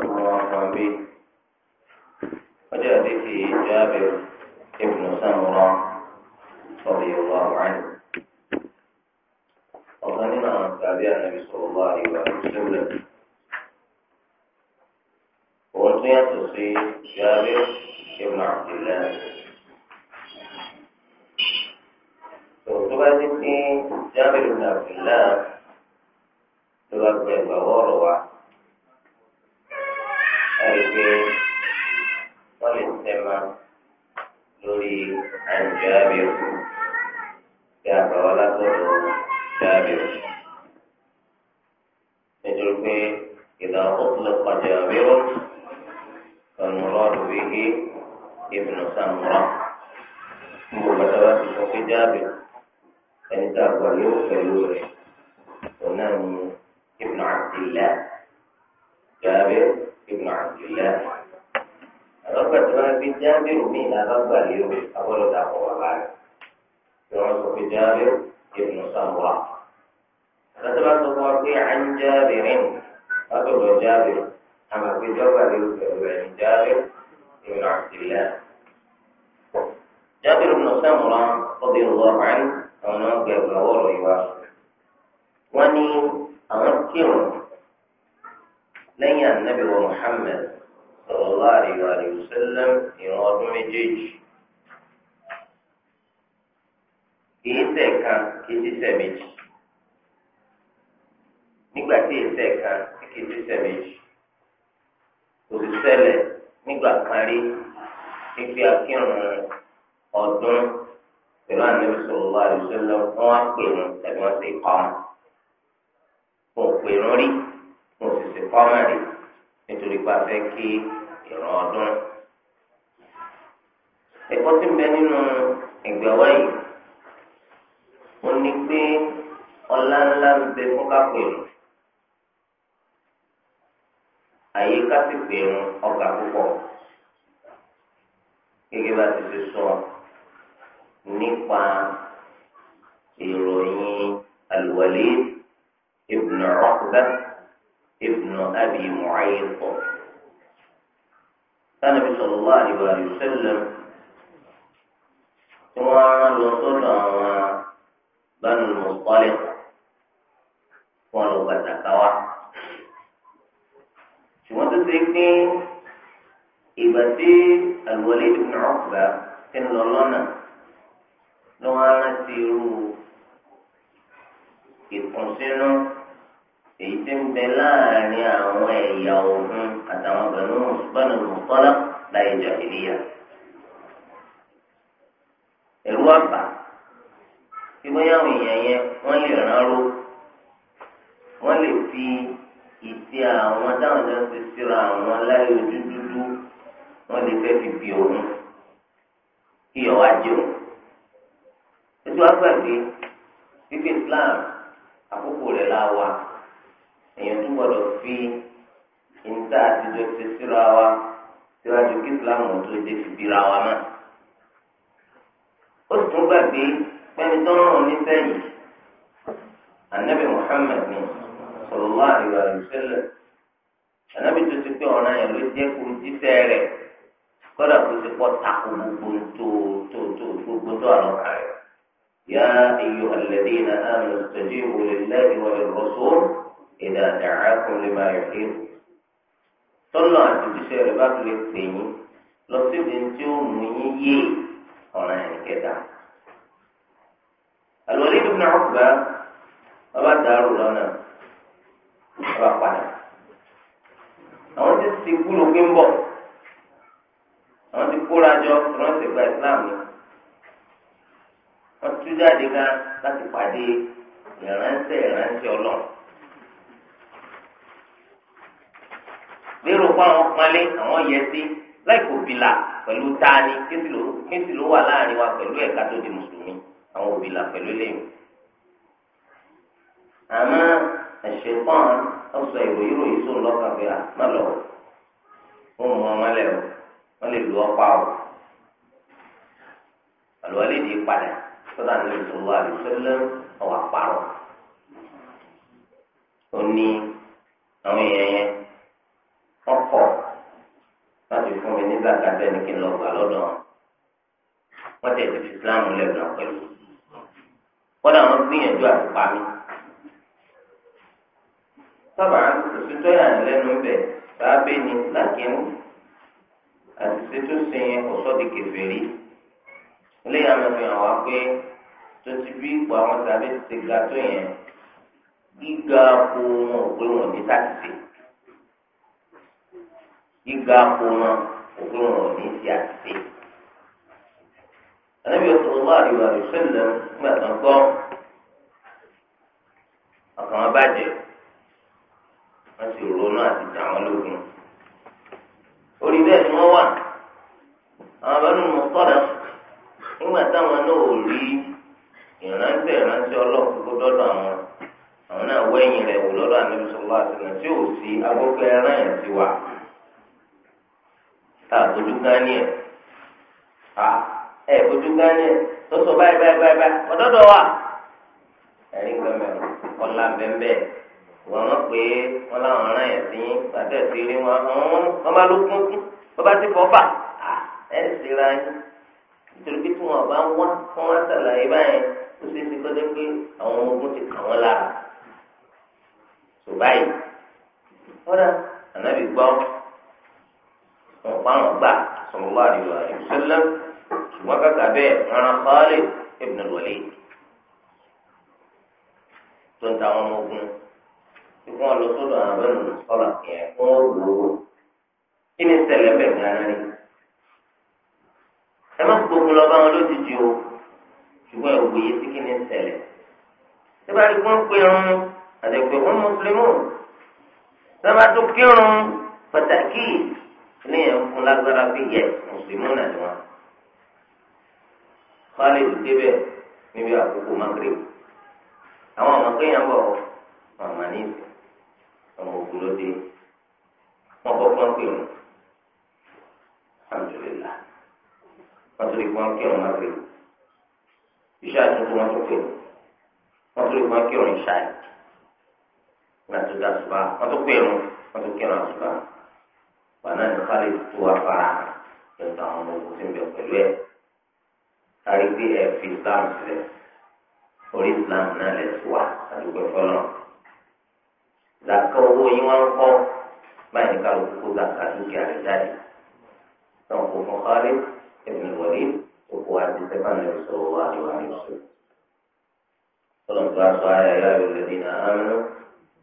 الله به وجاء به جابر بن سمرة رضي الله عنه وظننا تابع النبي صلى الله عليه وسلم وأعطي تصي جابر بن عبد الله فاعتبرت جابر بن عبد الله تبقى بغور ẹgbẹ́ wọ́n lè sẹ́ma lórí àǹjáàbí òkú bí àbáwá látọ̀dọ̀ jáàbí òkú. nítorí pé ìlà ọ̀pọ̀lọpọ̀ pàjẹ́ àbẹ́wò kànúrọ́ọ̀dù wíkí ìbùnú sàmúrà mo bàtà bá ti sọ pé jáàbí ẹni tá a gbà yóò pẹ̀lú rẹ̀ òun ìbùnú àti ìlà jáàbí ابن الله alọ́gbà tí wọ́n fi jábìrù mí alọ́gbà lérò abọ́lọ́dà ọ̀wà báyìí tí wọ́n sọ fi jábìrù ibùn sàmúrà. alọ́sọ̀bá sọ fún wa pé à ń jábìrín látọ̀dọ̀ jábìrù àmọ́ pé jọ́gbà lérò pẹ̀lú ẹ̀yìn jábìrù ibùn wọ́n ní àwọn kírun lẹ́yìn anabi wa muhammed sallallahu alayhi wa sallam ìran ọdún méjèèjì kìí ṣẹ̀kan kìí ti ṣẹ̀ méjì nígbà tí kìí ṣẹ̀kan kìí ti ṣẹ̀ méjì kò sì ṣẹlẹ̀ nígbà kan fífi akírun ọdún pẹ̀lú anabi sallallahu alayhi wa sallam á pè wọn tàbí wọ́n ti kọ́ wọn kò pè wọn rí sì kọ́mọ̀ rè nítorí pé a fẹ́ kí ìran ọdún. ẹ̀kọ́ tí ń bẹ nínú ẹgbẹ́ wáyé ó ní pé ọlá ńlá ń bẹ fún kápẹ́rù àyè kásìpẹ̀rù ọgbà púpọ̀ gẹ́gẹ́ bá ti ṣe sọ nípa ìròyìn alwalid ibn Uqbah. ابن أبي معيط النبي صلى الله عليه وسلم ثم وصل بنو المصطلق ولو قد نكوى ثم تسيكني إبتي الوليد بن عقبة كان لنا لو أنا سيرو يكون سنو èyí tí ń bẹ láàrin àwọn ẹ̀yà òhun àtàwọn bẹ̀rù bẹ́ẹ̀ ló tọ́lá láyé jàhìlíyà. ẹ̀rú àbá tí wọ́n yá àwọn èèyàn yẹn wọ́n lè rán ró wọ́n lè fi ìtì àwọn táwọn jọ ń ṣe síra àwọn láyé ojú dúdú wọ́n lè fẹ́ fi bí òun kí ọ̀wá jẹ́ òun. àgbàgbé fífi Islam àkókò rẹ̀ la èèyàn tún gbọdọ̀ fi níta àtijọ́ ṣe síra wa síwájú kí Islam tó dé fi bíra wa mọ́. ó sì tún gbàgbé pẹ́ni tó ń rán nífẹ̀ẹ́ yìí anabi Muhammad ni sallallahu alaihi wa sallam anabi tó ti pé ọ̀ràn yẹn ló jẹ́ kó jíṣẹ́ rẹ̀ kọ́dà tó ti pọ̀ tako gbogbo tó tó tó gbogbo tó àlọ́ kárẹ̀. يا أيها الذين آمنوا استجيبوا لله وللرسول ìdá dàákùn lè máa yọ̀ kéwù tọ́lá àti òṣìṣẹ́ rẹ̀ bá fi lè pè yín lọ síbi tí ó mú yín yé ọ̀ràn ẹ̀kẹta. Al-Walid ibn Uqba bàbá dàrú lọ́nà bàbá padà. àwọn ti ti kúlò pé ń bọ̀ àwọn ti kóra jọ ìrántí gba Islam wọ́n tú jáde gan láti pàdé ìránṣẹ́ ìránṣẹ́ ọlọ́run. lérò pé àwọn pọnlé àwọn yẹ sí láìpò bìlà pẹ̀lú tani kéńtì ló wà láàrin wa pẹ̀lú ẹ̀ka tó di mùsùlùmí àwọn òbílà pẹ̀lú lẹ́yìn. àmọ́ ẹ̀ṣẹ̀ pọ́n ọ̀sọ̀ ìròyìn ròyìn sóun lọ́kàn pé à má lọ òun mọ ọmọ lẹ̀ o wọ́n lè lu ọ́pá o àlùwà di padà sọ́dà ní ìṣòro àlùsọ́lẹ̀ ọ̀wà parọ́. ó ní àwọn èèyàn yẹn ọkọ̀ láti fún mi ní zakatẹ́ ní kí n lọ gbà lọ́dọ̀ wọ́n tẹ̀ ti fi Islam lẹ́gbàá pẹ̀lú wọ́n làwọn gbìyànjú àti pa mí. sábà òṣìṣẹ́ ìyànilẹ́nu bẹ̀ sáábẹ́ ni lákìíní àṣìṣe tó ṣe yẹn kò sọ́ di kèfèrí eléyà máa fi hàn wá pé tó ti bí ipò àwọn sábẹ́ ti ga tó yẹn gíga kó wọn ò pé wọn ní sátìsì. gíga kó wọn òkú wọn ò ní ti àtìsí. Ànábi ọ̀sọ̀rọ̀ àríwá rẹ̀ sẹ́lẹ̀ nígbà gbọ́ ọkàn wọn wọ́n sì ronú àti tà lógun. Orí bẹ́ẹ̀ ni wọ́n wà. Àwọn abẹ́nu mọ̀ tọ́da nígbà táwọn náà ò rí ìrántí ìrántí ọlọ́ọ̀kú kó dọ́dọ̀ àwọn àwọn náà wẹ́yìn rẹ̀ wò lọ́dọ̀ àníbi sọ̀rọ̀ àti tí wa. àbójú gánì ẹ̀ à ẹ̀ bójú gánì ẹ̀ tó sọ báyìí báyìí báyìí báyìí ọ̀dọ́dọ̀ wa ẹ̀rí nǹkan mẹ́rin kọ́lá bẹ́ẹ̀ wọ́n mọ̀ pé wọ́n láwọn ará yẹn sí pàtẹ́ sí rí wọn wọ́n bá ló kún sí wọ́n bá ti fọ́ fà à ẹ̀ sì ra yín nítorí pé tí wọn bá wá wọn wá sàlàyé báyẹn ó ṣeé ṣe kọjá pé àwọn ogun ti kà wọn lára ṣùgbọ́n báyìí wọ́n dà ànábì gbọ́ wọn pa wọn gbà sallallahu alaihi wasallam ṣùgbọ́n kàkà bẹ́ẹ̀ rárá Khalid ibn al-Walid tó ń ta àwọn ọmọ ogun tí wọ́n lọ sọ́dọ̀ àwọn abẹ́nu sọ́la yẹn wọ́n wò ó kí ni ṣẹlẹ̀ bẹ̀ gánà ni. ẹ má gbógun lọ bá wọn lójijì o ṣùgbọ́n ẹ wòye sí kí ni ṣẹlẹ̀. tí wọ́n pe irun pé wọ́n mùsùlùmí sábà tó kírun pàtàkì ní ẹ̀ ń fún lágbára pé yẹ mùsùlùmí náà ni wọn. Khalid débẹ̀ níbi àkókò Maghrib àwọn ọmọ kéèyàn bọ̀ ọmọ ní ìsìn ọmọ ògùn ló dé wọn kọ́ fún pé wọn alhamdulillah wọn tún lè fún pé wọn Maghrib iṣẹ́ àtúntò wọn tún pè wọn tún lè fún pé wọn ìṣáà wọn àtúntò àtúbà wọn tún pè wọn wọn tún kẹrin àtúbà wàhánà ní kárí tó wá fara pẹ̀lú àwọn ọmọ ogun tí ń bẹ pẹ̀lú ẹ̀ kárí pé ẹ fi islam sílẹ̀ orí islam náà lẹ̀ tó wà àdúgbò fọlọ́ zaka owó yín wá ń kọ́ báyìí ní kálukú kó zaka dúkìá rẹ̀ jáde náà kò fún kárí ẹ̀mí wọlé òkú àti sẹ́fàn lè sọ̀rọ̀ wá ní wàhálà ìṣòro. فلم تعصى يا الذين آمنوا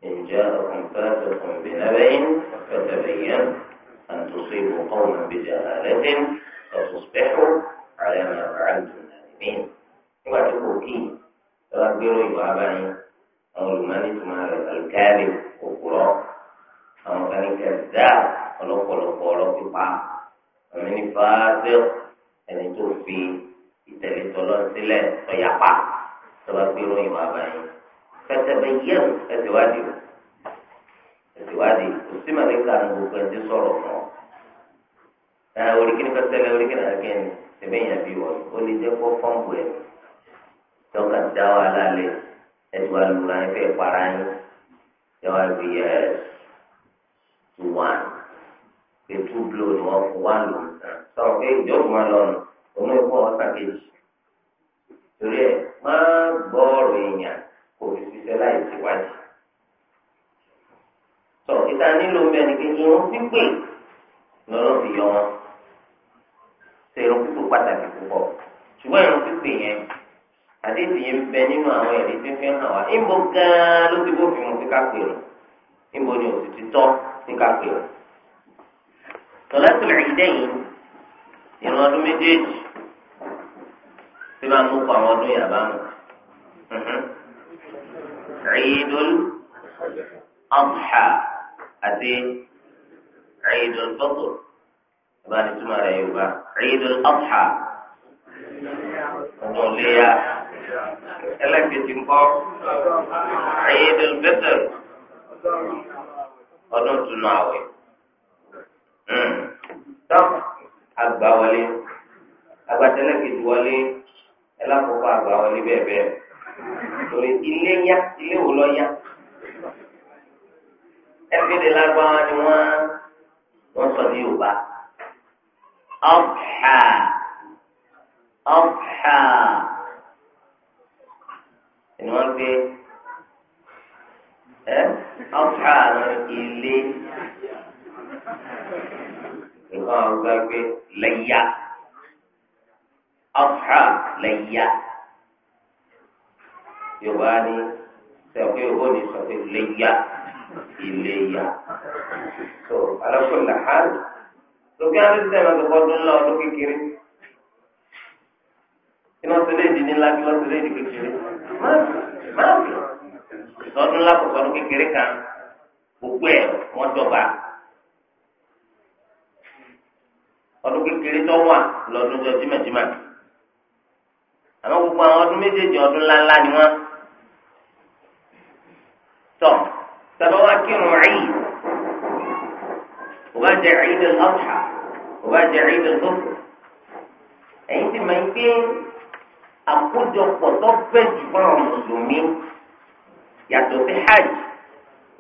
إن جاءكم فاسق بنبأ فتبين أن تصيبوا قوما بجهالة فتصبحوا على ما فعلتم نادمين واتقوا كي تغبروا يوابني أو الملك مع الكاذب وقراء أو كان كذاب ولو قلوا قولوا في بعض ومن فاسق أن توفي ìtẹ̀lé tọ́lọ́ sílẹ̀ ọ̀yàpá tọ́ba gbé ròyìn wá báyìí. Kẹsẹ̀bẹ̀ ẹ̀sìwádìí Ẹ̀sìwádìí kò sí màlíkà ní gbogbo ẹ̀dí sọ̀rọ̀ fún ọ oríkìní kan tẹ́lẹ̀ oríkìní àkẹ́ni tẹ̀mẹ́yìn àbí wọ̀ ó lè jẹ́ kó fọ́ǹbù ẹ̀ tọ́ka dá wa lálẹ́ ẹ̀sùn wa lùra ẹ̀ fẹ́ para yín yẹ wá bí ẹ̀ tù wán ètú blo ni wọ́n fún wá lò sọ̀rọ̀ pé ìjọba máa lọ́nu òun ẹ̀ fún wọn sàkéjì torí ẹ̀ máa gbọ́ ọ̀rọ̀ èèyàn kò fi ṣiṣẹ́ láì tìwádìí. sọ̀rọ̀ kíta nílò mẹ́rin kí irun pípé lọ́lọ́ fi yọ wọn ṣe irun pípé pàtàkì púpọ̀ ṣùgbọ́n irun pípé yẹn àdéhùn yẹn bẹ nínú àwọn ẹ̀rí tí ń fi hàn wá ìbò gan-an ló ti bófin mu kíkà pè rùn ìbò ni òsì ti tọ́ kíkà pè rùn. ìdẹ́yìn ìrún ọdún méjèèjì tí máa mú kọ àwọn ọdún yàrá mu. Eidul Adha àti Eidul Fitr bá ní túmọ̀ rẹ̀ yorùbá Eidul Adha ọdún léya ẹlẹ́kẹ̀tì ńkọ́ Eidul Fitr ọdún tunu àwẹ̀ hmm. tọ́ àgbà wọlé agbatẹlẹ́kẹ̀tì wọlé ẹlẹ́kọ̀ọ́kọ́ àgbà wọlé bẹ́ẹ̀ bẹ́ẹ̀ torí ilé yá ilé wò lọ yá ẹgbẹ́dẹ́ lágbára ni wọ́n wọ́n sọ ní yorùbá. أضحى أضحى إنه في إيه؟ أضحى إلي يقال ذلك ليا أضحى ليا يواني سأقول هوني سأقول ليا إليا على كل حال lókè àwọn ìṣẹ̀lẹ̀ máa tọkọ ọdún ńlá ọdún kékeré iná sọlẹ̀ ìdí ní ńlá kí lọ́ sọlẹ̀ ìdí kékeré má má ọdún ńlá kọ̀ọ̀kan ọdún kékeré kan gbogbo ẹ̀ wọ́n dọ̀gba ọdún kékeré tó wà lọ́dún jọ jímẹ̀jímẹ̀ àmọ́ gbogbo àwọn ọdún méjèèjì ọdún ńláńlá ni wọ́n tọ̀ sábà wá kírun ẹ̀yìn kò bá jẹ́ ẹ̀yìn kò bá jẹ ẹ̀yìn tó ẹ̀yìn ti mọ̀ pé àkójọpọ̀ tó bẹ̀ jù fún àwọn mùsùlùmí yàtọ̀ sí hajj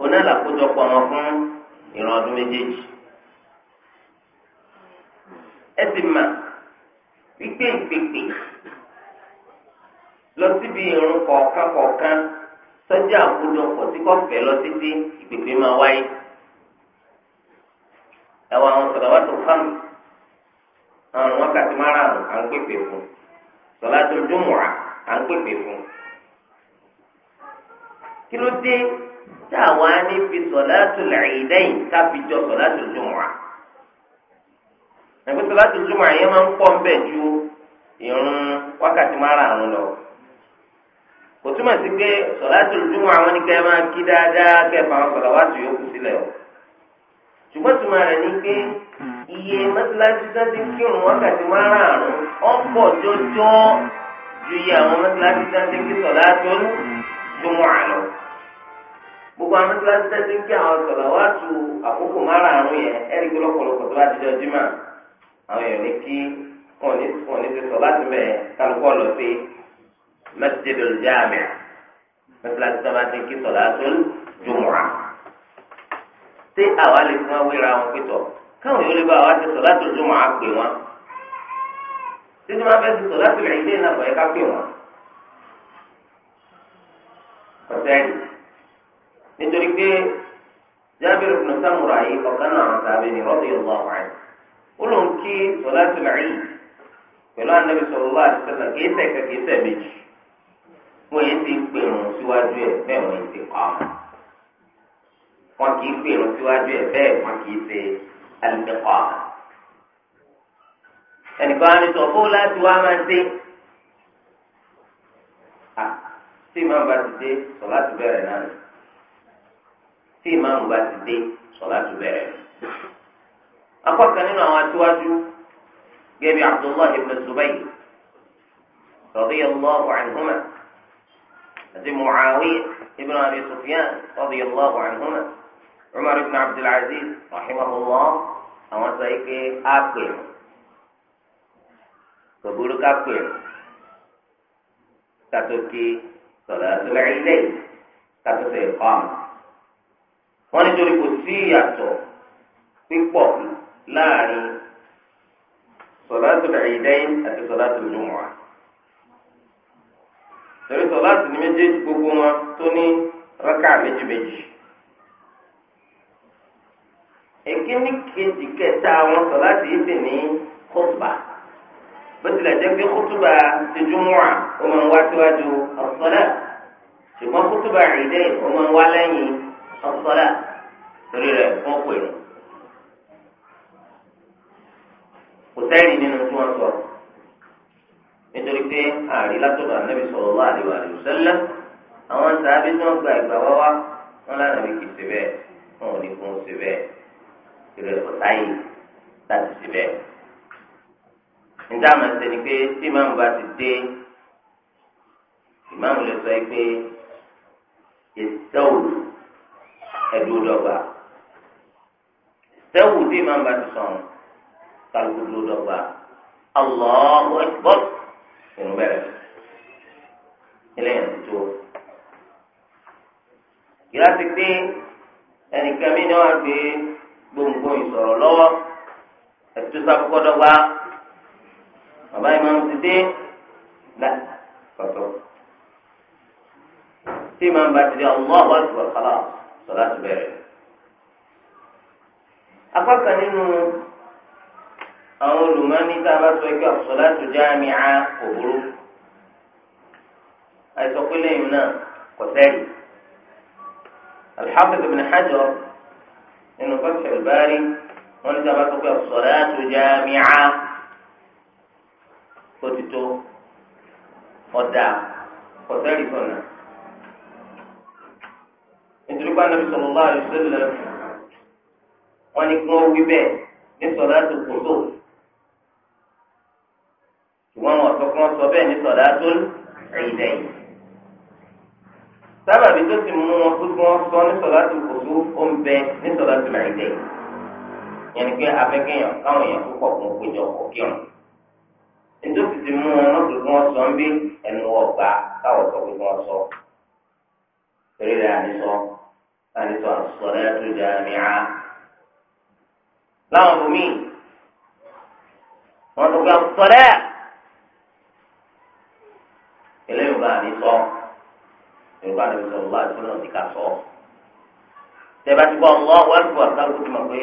oná làkójọpọ̀ wọn fún ìran ọdún méjèèjì ẹ ti mọ̀ wípé ìpèpè lọ síbi irun kọ̀ọ̀kan kọ̀ọ̀kan sọ́jà àkójọpọ̀ tí kò fẹ́ lọ títí ìpèpè máa wáyé ẹ̀wọ̀n àwọn sọ̀rọ̀ wá tó fáwọn. àwọn wákàtí márùn à ń pèpè fún sọlátù jùmùà à ń pèpè fún. kí ló dé tá a ní fi sọlátù làyídẹ́yìn ká fi jọ ẹgbẹ́ sọlátù jùmùà yẹn máa ń pọ̀ nbẹ̀ ju ìrun wákàtí márùn lọ. kò túmọ̀ pé wọn ni máa dáadáa wá tù yókù sílẹ̀ o. iye mọ́tíláṣí tó ti kírun wákàtí márùn-ún ọ̀pọ̀ jọjọ́ ju iye àwọn mọ́tíláṣí tó ti kí sọ̀lá tó jùmọ̀ àlọ́. gbogbo àwọn mọ́tíláṣí tó ti kí àwọn sọ̀lá wá tu àkókò márùn-ún yẹn ẹ̀rí pé lọ́pọ̀lọpọ̀ tó bá ti jọ jímà àwọn èèyàn ní kí wọn ní wọn ní ti sọ̀lá ti mẹ́ẹ̀ kálukọ́ lọ sí masjidul jami' mọ́tíláṣí tó bá ti kí jùmọ̀ káwọn yóò lè bá wa ti sọ láti ojú mọ àpè wọn títí máa fẹ́ ti sọ láti rẹ̀ ilé náà bọ̀yẹ́ ká pè wọn. ọ̀sẹ̀yìn nítorí pé jábìrì fún sámúra yìí ọ̀kan náà sábẹ́ ní rọ́bì ìlú àwọn ó lóun kí sọ láti rẹ̀ yìí pẹ̀lú ànábi sọ̀rọ̀ wá àti sẹ́sà kìí kìí sẹ́ méjì wọ́n ti الإقامة يعني كان تقول لا تواما سي tí ìmáàmù bá ti dé sọ̀láàtù bẹ̀rẹ̀ náà ni tí ìmáàmù bá ti dé sọ̀láàtù bẹ̀rẹ̀ ni. akọ́kàn nínú àwọn aṣíwájú gẹ́bí abdullahi ibn zubayr radiyallahu anhuma àti muawiya ibn abi sufyan radiyallahu anhuma. Umar ibn Abdul Aziz rahimahullah àwọn sọ yìí pé á pè é kò burú ká pè é kátó kí sọ̀rọ̀ àtúlẹ̀ ilé kátó sọ ẹ̀kọ́ àmọ́ wọ́n nítorí kò sí ìyàtọ̀ pípọ̀ láàrin sọ̀rọ̀ àtúlẹ̀ ilé àti sọ̀rọ̀ àtúlẹ̀ jùmọ̀ torí sọ̀rọ̀ àtúlẹ̀ méjèèjì gbogbo wọn tó ní rákà méjì èkíní kejì kẹta àwọn sọ láti ìsìn ní kótóbà bó tilẹ̀ jẹ́ pé kótóbà ti júmọ́à ó máa ń wá síwájú ọ̀sọ́lá ṣùgbọ́n kótóbà ìdẹ́ ó máa ń wá lẹ́yìn ọ̀sọ́lá torí rẹ̀ wọ́n pè é. kò sẹ́yìn nínú tí wọ́n sọ nítorí pé ààrí látọ̀dọ̀ ànábì sallallahu alaihi wasallam àwọn sàábí tí wọ́n gba ìgbà wá wá wọn lánàá bí kì í ṣe bẹ́ẹ̀ wọn ò ní kó ṣe bẹ́ẹ̀ ìrẹ̀ kò sáyè láti ṣe bẹ́ẹ̀. níta máa ń sẹ́ni pé tí ìmáàmù bá ti dé ìmáàmù lè sọ pé ìsẹ́wù ẹ̀dùn dọ́gba ìsẹ́wù tí ìmáàmù bá ti sọ̀rọ̀ kálukú dúró dọ́gba Allahu Akbar ìrún bẹ̀rẹ̀ ilé yẹn ti tó. ìlà pé ẹnìkan mi ni wọ́n á gbé gbogbo ìsọ̀rọ̀ lọ́wọ́ ẹ̀tú sákòkòdọ́gba bàbá ìmáàmù ti dé la pàtó tí ìmáàmù bá ti dé ọmọ àwọn àtúbọ̀ kálá sọlá ti bẹ̀rẹ̀. apá kan nínú àwọn olùmọ́ni tá a bá sọ pé àsọlá tó já mi á kò burú àìsàn pé lẹ́yìn náà kò sẹ́yìn. alḥafiz ibn hajar nínú Fathul Bari wọ́n ní sábà tó pé as-salatu jami'a ó ti tó ọ̀dà kọ̀tẹ́rì kọ̀nà. nítorí pé Ànábì sallallahu alaihi wasallam wọ́n ní kí wọ́n wí bẹ́ẹ̀ ní salatu kusuf ṣùgbọ́n wọ́n sọ fún ọ sọ bẹ́ẹ̀ ní salatu al-idayn sábàbí tó ti mú wọn kó tí wọn sọ ní sọlá tó kò tó ó ń bẹ ní sọlá tó máa ń dẹ yẹn ni pé afẹ́kẹ́yàn káwọn èèyàn tó pọ̀ fún péjọ kọ̀ kírun ètò ti ti mú wọn lọ́dọ̀ tí wọ́n sọ ń bí ẹnu ọgbà káwọn sọ pé wọ́n sọ eré rẹ̀ àdìsọ àdìsọ àsọ̀rọ̀ tó jẹ́ àmì á láwọn bùnmí wọn tó gbà sọ̀rọ̀ ẹ̀ bá àdìsọ. nígbà tó sọ ọlọ́ àti fúnà ti ká sọ ọ́ tẹ́lá ti kọ́ ọlọ́ wọ́n ti wà tó mọ̀ pé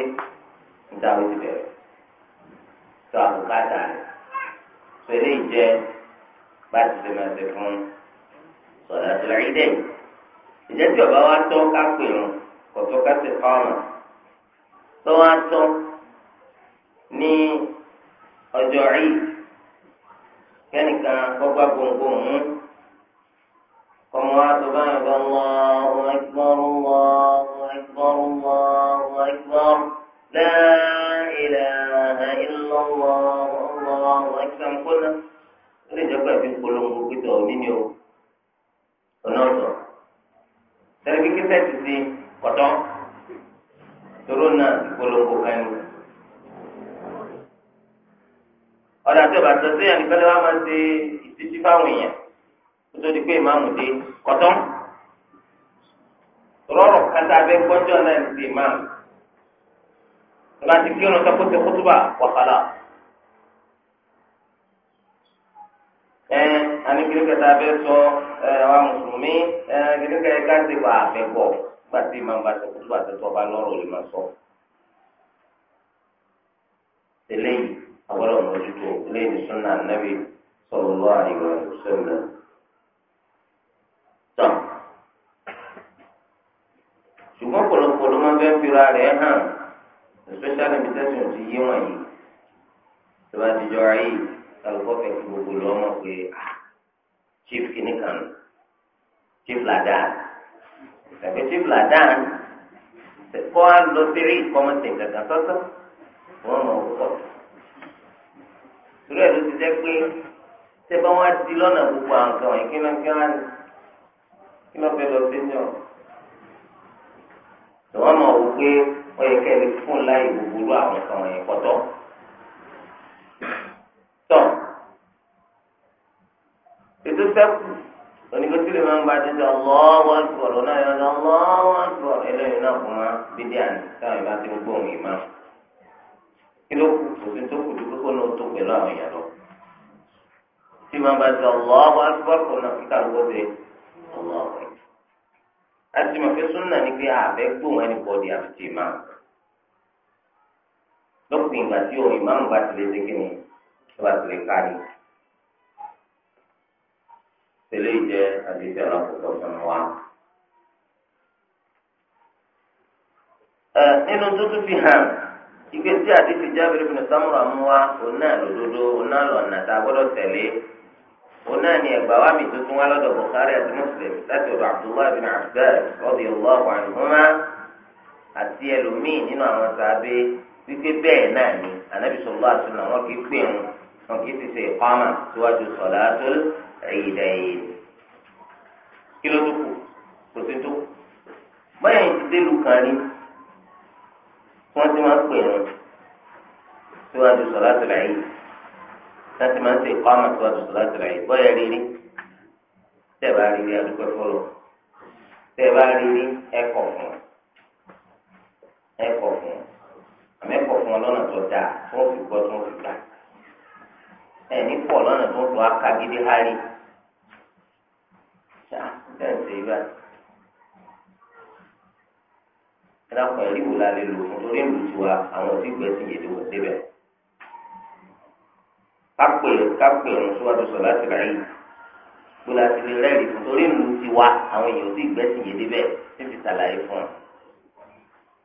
níta ló ti bẹ̀rẹ̀ tó àbùkátà rẹ̀ tó eléyìí bá ti ṣe máa ṣe fún sọ̀dọ̀ àti láyé dẹ̀ ìjẹ́ tí ọba wa tọ́ ká pè wọn kò tó ká ṣe fáwọn tọ́ ومعاذ بعد الله أكبر الله أكبر الله أكبر لا إله إلا الله الله أكبر كله ilé ìjọba ìfi polongo pété òní ni o ọ̀nà ọ̀sọ̀ tẹ̀lé kíkí sẹ́ẹ̀tì sí ọ̀dà tí o bá sí ẹnìkan lè wá máa ṣe ìtìjú fáwọn èèyàn. nítorí pé ìmáàmù dé a rọrùn kátà bẹ gbọ́jọ́ náà ní ti ìmáàmù láti kírun tó kóso kótóbà wàhálà. ẹ anigiri kẹta bẹ sọ ẹ wa mùsùlùmí ẹ gidi kẹ ká ti wà abẹ bọ gbàtí ìmáàmù bá sọ kótóbà tó tọ́ ọba lè má sọ. eléyìí àwọn ọmọ ojútùú eléyìí sunna anabi tọ́ ṣùgbọ́n pọ̀lọpọ̀ ló máa ń fẹ́ fira rẹ̀ hàn especially bí tẹ́sán ti yé wọ̀nyí tó bá ti jọ ayé kálukọ́ fẹ́ fi gbogbo lọ́ mọ̀ pé chief kìnnìkan chief ladan tàbí chief ladan kọ́ á lọ sí rí ìkọ́mọ̀tì kankan sọ́sọ́ wọ́n mọ̀ ọ́ torí ẹ̀ ló ti jẹ́ pé tẹ́ bá wá di lọ́nà gbogbo àwọn kan wọ̀nyí kí wọ́n kí wọ́n ní kí ló fẹ́ lọ sí ní ọ̀. tọ́wọ́n mọ̀ wò pé ó yẹ kẹ́ ẹ fún láì gbogbo àwọn kan wọ̀nyẹn pọ̀tọ́. tọ́ ètò sẹ́kù onígbèsè lè máa ń gbàdé sọ lọ́wọ́ àtúwọ̀rọ̀ náà yọ lọ lọ́wọ́ àtúwọ̀rọ̀ ẹlẹ́yìn náà kò máa bídí àná táwọn ìbá ti ń gbóhùn ìmá. kí ló kù kò sí tó kù ju kókó náà tó pẹ̀lú àwọn èèyàn lọ. tí màá bá sọ lọ́wọ́ àtúwọ̀rọ̀ náà kíkà lóko ṣe ọlọ́run láti mọ̀ pé súnà ni pé àbẹ́ gbóhùn ẹnìbọ̀dì àfìtì máa lọ́pìn ìgbà tí òun ìmáàmù bá ti lè ṣe kíni tó bá ti lè kárí. tẹ́lẹ̀ jẹ́ àdéhùn alákòókò fún wa. nínú tuntun fi hàn ìgbésí àdéhùn jábìrì fún ìsámúra mú wa òun náà lòdodo òun náà lọ̀nà tá gbọ́dọ̀ tẹ̀lé. هنا يقبوامي تسمى لدى البخاري المسلم تسمى عبد الله بن عباس رضي الله عنهما أتي الأمين هنا وصابي wípé bẹ́ẹ̀ náà ni anabi sọlá àtúnà wọn kì í pè ń wọn kì í ti ṣe ìpamọ́ síwájú sọlá tó ẹ̀yìnlẹ̀ yìí. kí ló tó kù kò sí tó báyà yìí ti délu kan rí wọ́n ti máa pè ń síwájú sọlá tó ẹ̀yìn láti máa ń ṣe ìkọ́ àmọ̀ síwájú sọ láti rà yìí bọ́yá rírí tẹ̀ bá rírí àdúgbò fọlọ́ tẹ̀ bá rírí ẹ̀kọ́ fún ẹ̀kọ́ fún àmẹ́kọ̀ fún ọ lọ́nà tó dáa tó ń fi gbọ́ tó ń fi gbà ẹ̀ ní pọ̀ lọ́nà tó ń tó aka hárí ṣá ẹ̀ ń ṣe ibà ẹ̀ dàpọ̀ ẹ̀rí la lè lò fún torí ìlú tiwa àwọn tí gbẹ̀sìn yèdè wọ̀ débẹ̀ kápẹ̀ kápẹ̀ ọ̀rọ̀ síwájú sọ láti ráyè gbọ́dọ̀ àti lè rẹ́rìí fún torí ìlú ti wá àwọn èèyàn tí ìgbẹ́sìn yé débẹ̀ tí fi ṣàlàyé fún un.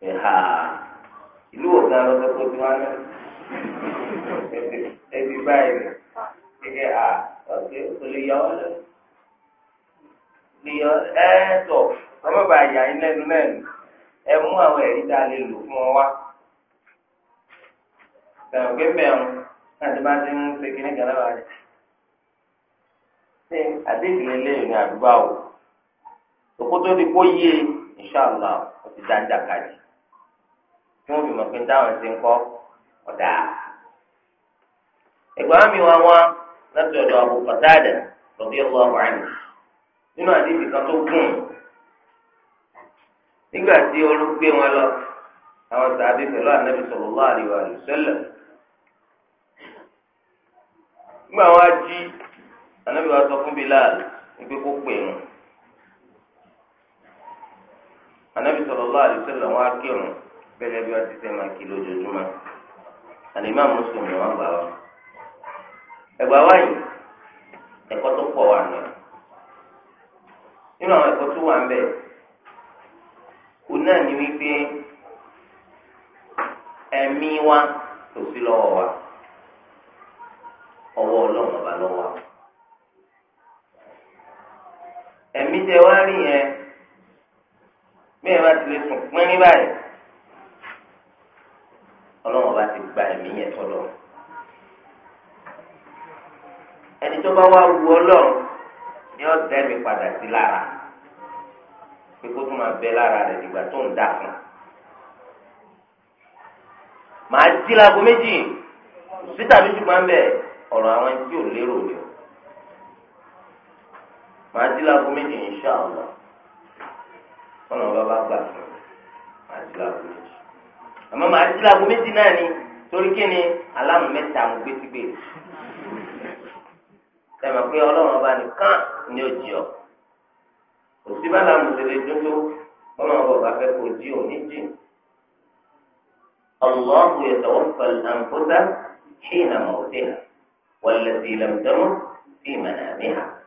ẹ̀hà ìlú ọ̀gá lọ́sọ̀ pé tí wọ́n á ẹbí báyìí gẹ́gẹ́ à ọ̀sẹ̀ olè yọ ọ́ lọ. lè yọ ẹ́ tọ̀ ọmọọba yín lẹ́nu lẹ́nu ẹ mú àwọn ẹ̀rí tá a lè lò fún ọ wá. sẹ̀wọ̀n láti bá ti ń ṣe kíní kan lára rẹ̀. ṣé àdéhùn eléyìí ni àdúgbò àwò òkútó ti kó yé e, inṣàlá ó ti kájí tí wọ́n fi mọ̀ pé táwọn ti ń kọ́ ọ̀dà. ẹ̀gbọ́n mi wá wá láti ọ̀dọ̀ Abu Qatada radiyallahu anhu nínú àdéhùn kan tó gùn nígbà tí olú wọn lọ àwọn sàbí pẹ̀lú ànábì sallallahu alaihi wa sallam. nígbà wọn ají anabi wa sọ fún Bilal wípé kó pè wọn anabi sallallahu alaihi wasallam wọn akírun bẹ́ẹ̀ bí wọn ti sẹ máa kí lójoojúmọ́ àlèmá mùsùlùmí wọn gbà wá ẹgbà wáyé ẹ̀kọ́ tó pọ̀ wà nù nínú àwọn ẹ̀kọ́ tó wà ń bẹ náà ní wípé ẹ̀mí wa kò sí wa ọwọ́ ọlọ́run ọba lọ́wọ́ ẹ̀mí tẹ wá rí yẹn bẹ́ẹ̀ bá ti lè sùn pínrín báyìí ọlọ́run ọba ti gba ẹ̀mí yẹn tọ́lọ̀ ẹni tó bá wá wu ọlọ́run ni ó dá ẹ̀mí padà sí lára pé kó tó máa bẹ lára rẹ̀ dìgbà tó ń dà fún màá jí lago méjì síta méjì máa ń ọ̀rọ̀ àwọn tí ò lérò rẹ̀ o màá dí láago méjì insha Allah ọ̀nà bàbá gbà fún mi màá dí láago méjì àmọ́ màá dí láago méjì náà ni torí kí ni aláàmú mẹ́ta mo gbé sígbè tẹ̀mọ̀ pé ọlọ́run ọba nìkan ni ó jí ọ òsì bá làmù tẹ̀lé dúdú ọlọ́run ọba fẹ́ kó jí òní jì Allahu yatawaffa al-anfusa hina mawtiha. والتي لم تمت في منامها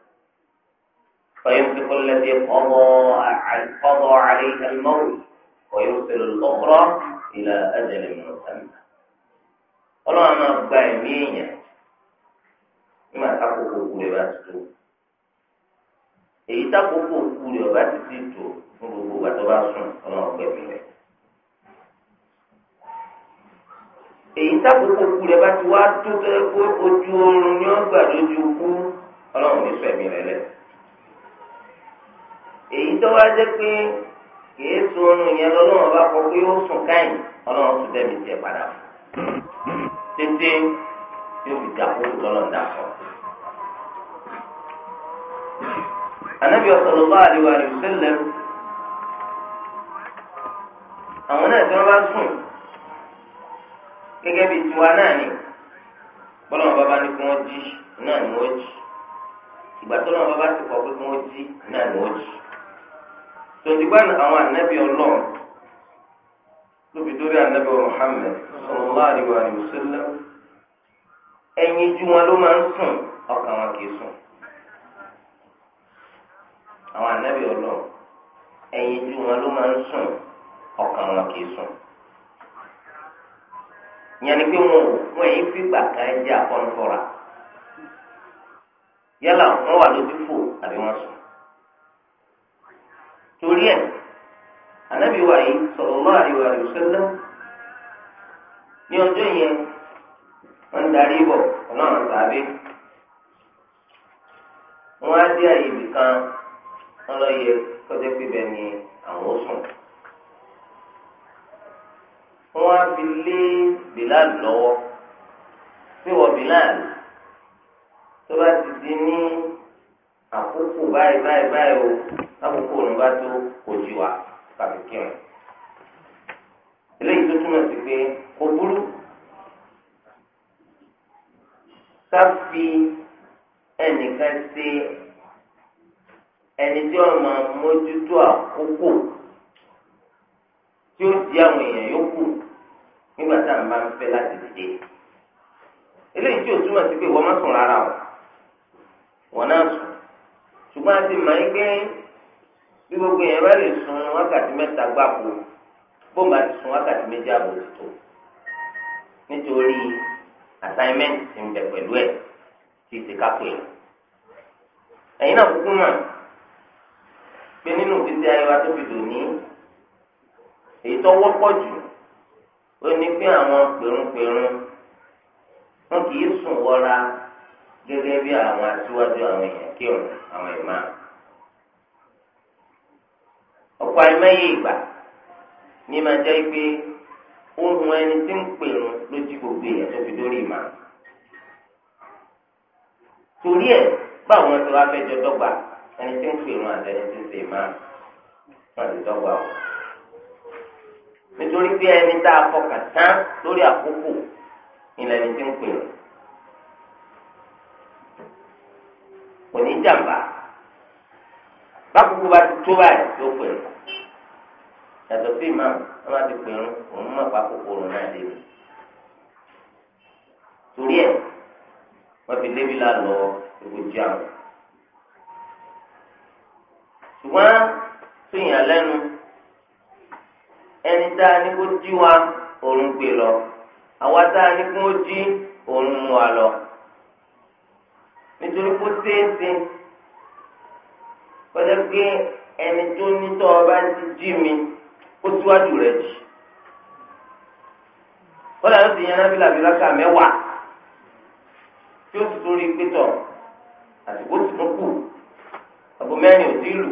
فيمسك التي قضى قضى عليها الموت ويرسل الأخرى إلى أجل مسمى ọlọ́run máa gba ẹ̀mí èèyàn nígbà tákòókò òkú rẹ̀ bá ti tó èyí tákòókò òkú rẹ̀ bá ti ti tó fún gbogbo ìgbà tó bá sùn ọlọ́run gbẹ̀mí rẹ̀ èyí sábòkò kú rẹ bá ti wá tó kẹ́ pé ojú oorun ni wọ́n gbà lójú kú ọlọ́run ní sọ ẹ̀mí rẹ lẹ. èyí tó wá jẹ́ pé kìí sọ oorun yẹn lọ́lọ́run bá kọ pé ó sùn káyìn ọlọ́run tún dẹ́mi tiẹ̀ padà fún un tètè yóò fi dà kó lọ́lọ́run dà fún un. anabi sallallahu alaihi wa sallam àwọn náà tí wọ́n bá sùn. gẹ́gẹ́ bíi tiwa náà ni bọ́lá wọn bàbá ní kí wọ́n jí náà ni wọ́n jí ìgbà tó lọ́wọ́ bàbá ti kọ̀ pé kí wọ́n jí náà ni wọ́n jí tòǹtìgbà àwọn ànábì ọlọ́run lóbi dórí ànábì ju wọn ló máa ń sùn ọkàn wọn ìyẹn ni pé wọn wọn èyí fìgbà kan jẹ àkọ́nfọ́ra yálà wọn wà lójú fò àbí wọn sùn torí ẹ anabi wa yìí sallallahu alaihi wasallam ní ọjọ́ yẹn wọn ń darí bọ̀ Ọlọ́run sàbẹ wọn á dé àyè ibì kan wọn lọ yẹ kọjá pé bẹ́ẹ̀ ni àwọn ó sùn wọ́n wá fi lé Bilal lọ́wọ́ síwọ̀ Bilal tó bá ti di ní àkókò báyìí báyìí báyìí o lákòókò òun bá tó kò jí wa tàbí kírun eléyìí tó túmọ̀ sí pé kò burú ká fi ẹnìkan ṣe ẹni tí wọn máa mójútó àkókò tí ó di àwọn èèyàn yòókù nígbà tá à ń bá ń fẹ́ láti dìde eléyìí tí o túmọ̀ sí pé wọ́n má sùn rárá o wọ́n náà sùn ṣùgbọ́n a ti mọ̀ ẹ́ pé bí gbogbo yẹn bá lè sun wákàtí mẹ́ta gbáko bóńbà ti sun wákàtí méjì àbò tó nítorí assignment ti ń bẹ pẹ̀lú ẹ̀ ti ti kápẹ́ ẹ̀ ẹ̀yin náà kúkú mọ̀ pé nínú ìgbésí ayé wa tó fi dùn ní èyí tó wọ́pọ̀ jù ó ní pé àwọn pèrúnpèrún wọn kì í sùn wọra gẹ́gẹ́ bí àwọn aṣíwájú àwọn èèyàn kí ọ̀rọ̀ àwọn ìmá. ọ̀pọ̀ àìmọye ìgbà ní máa jẹ́ pé ohun ẹni tí ń pèrún lójú gbogbo èèyàn tó fi dórí ìmá. torí báwọn ti wá fẹ́ jọ ẹni tí ń pèrún tí ń wọn nítorí pé ẹni tá a fọkàn tán lórí àkókò ilẹ̀ ní ti ń pè ọ́ kò ní jàmbá bákòókò bá ti tó báyìí ló pè ọ́ yàtọ̀ sí ìmọ̀ wọn bá ti pè ọ́ òun mọ̀ pákòókò òun náà dé mi torí ẹ̀ wọ́n fi lébi la lọ ewu jẹun ṣùgbọ́n tó yàn lẹ́nu ẹni tá a ní kó jí wa òun gbé lọ àwa tá a ní kó jí òun mú wa lọ nítorí kó téèsì kọjá pé ẹni tó ní tọ́ ọ bá ti jí mi ó síwájú rẹ̀ jì kọ́lá ló ti yan náà fílà bíi rákà mẹ́wàá tí ó tuntun rí pétọ̀ àsìkò tuntun kù àbò mẹ́rin ò tí ì lù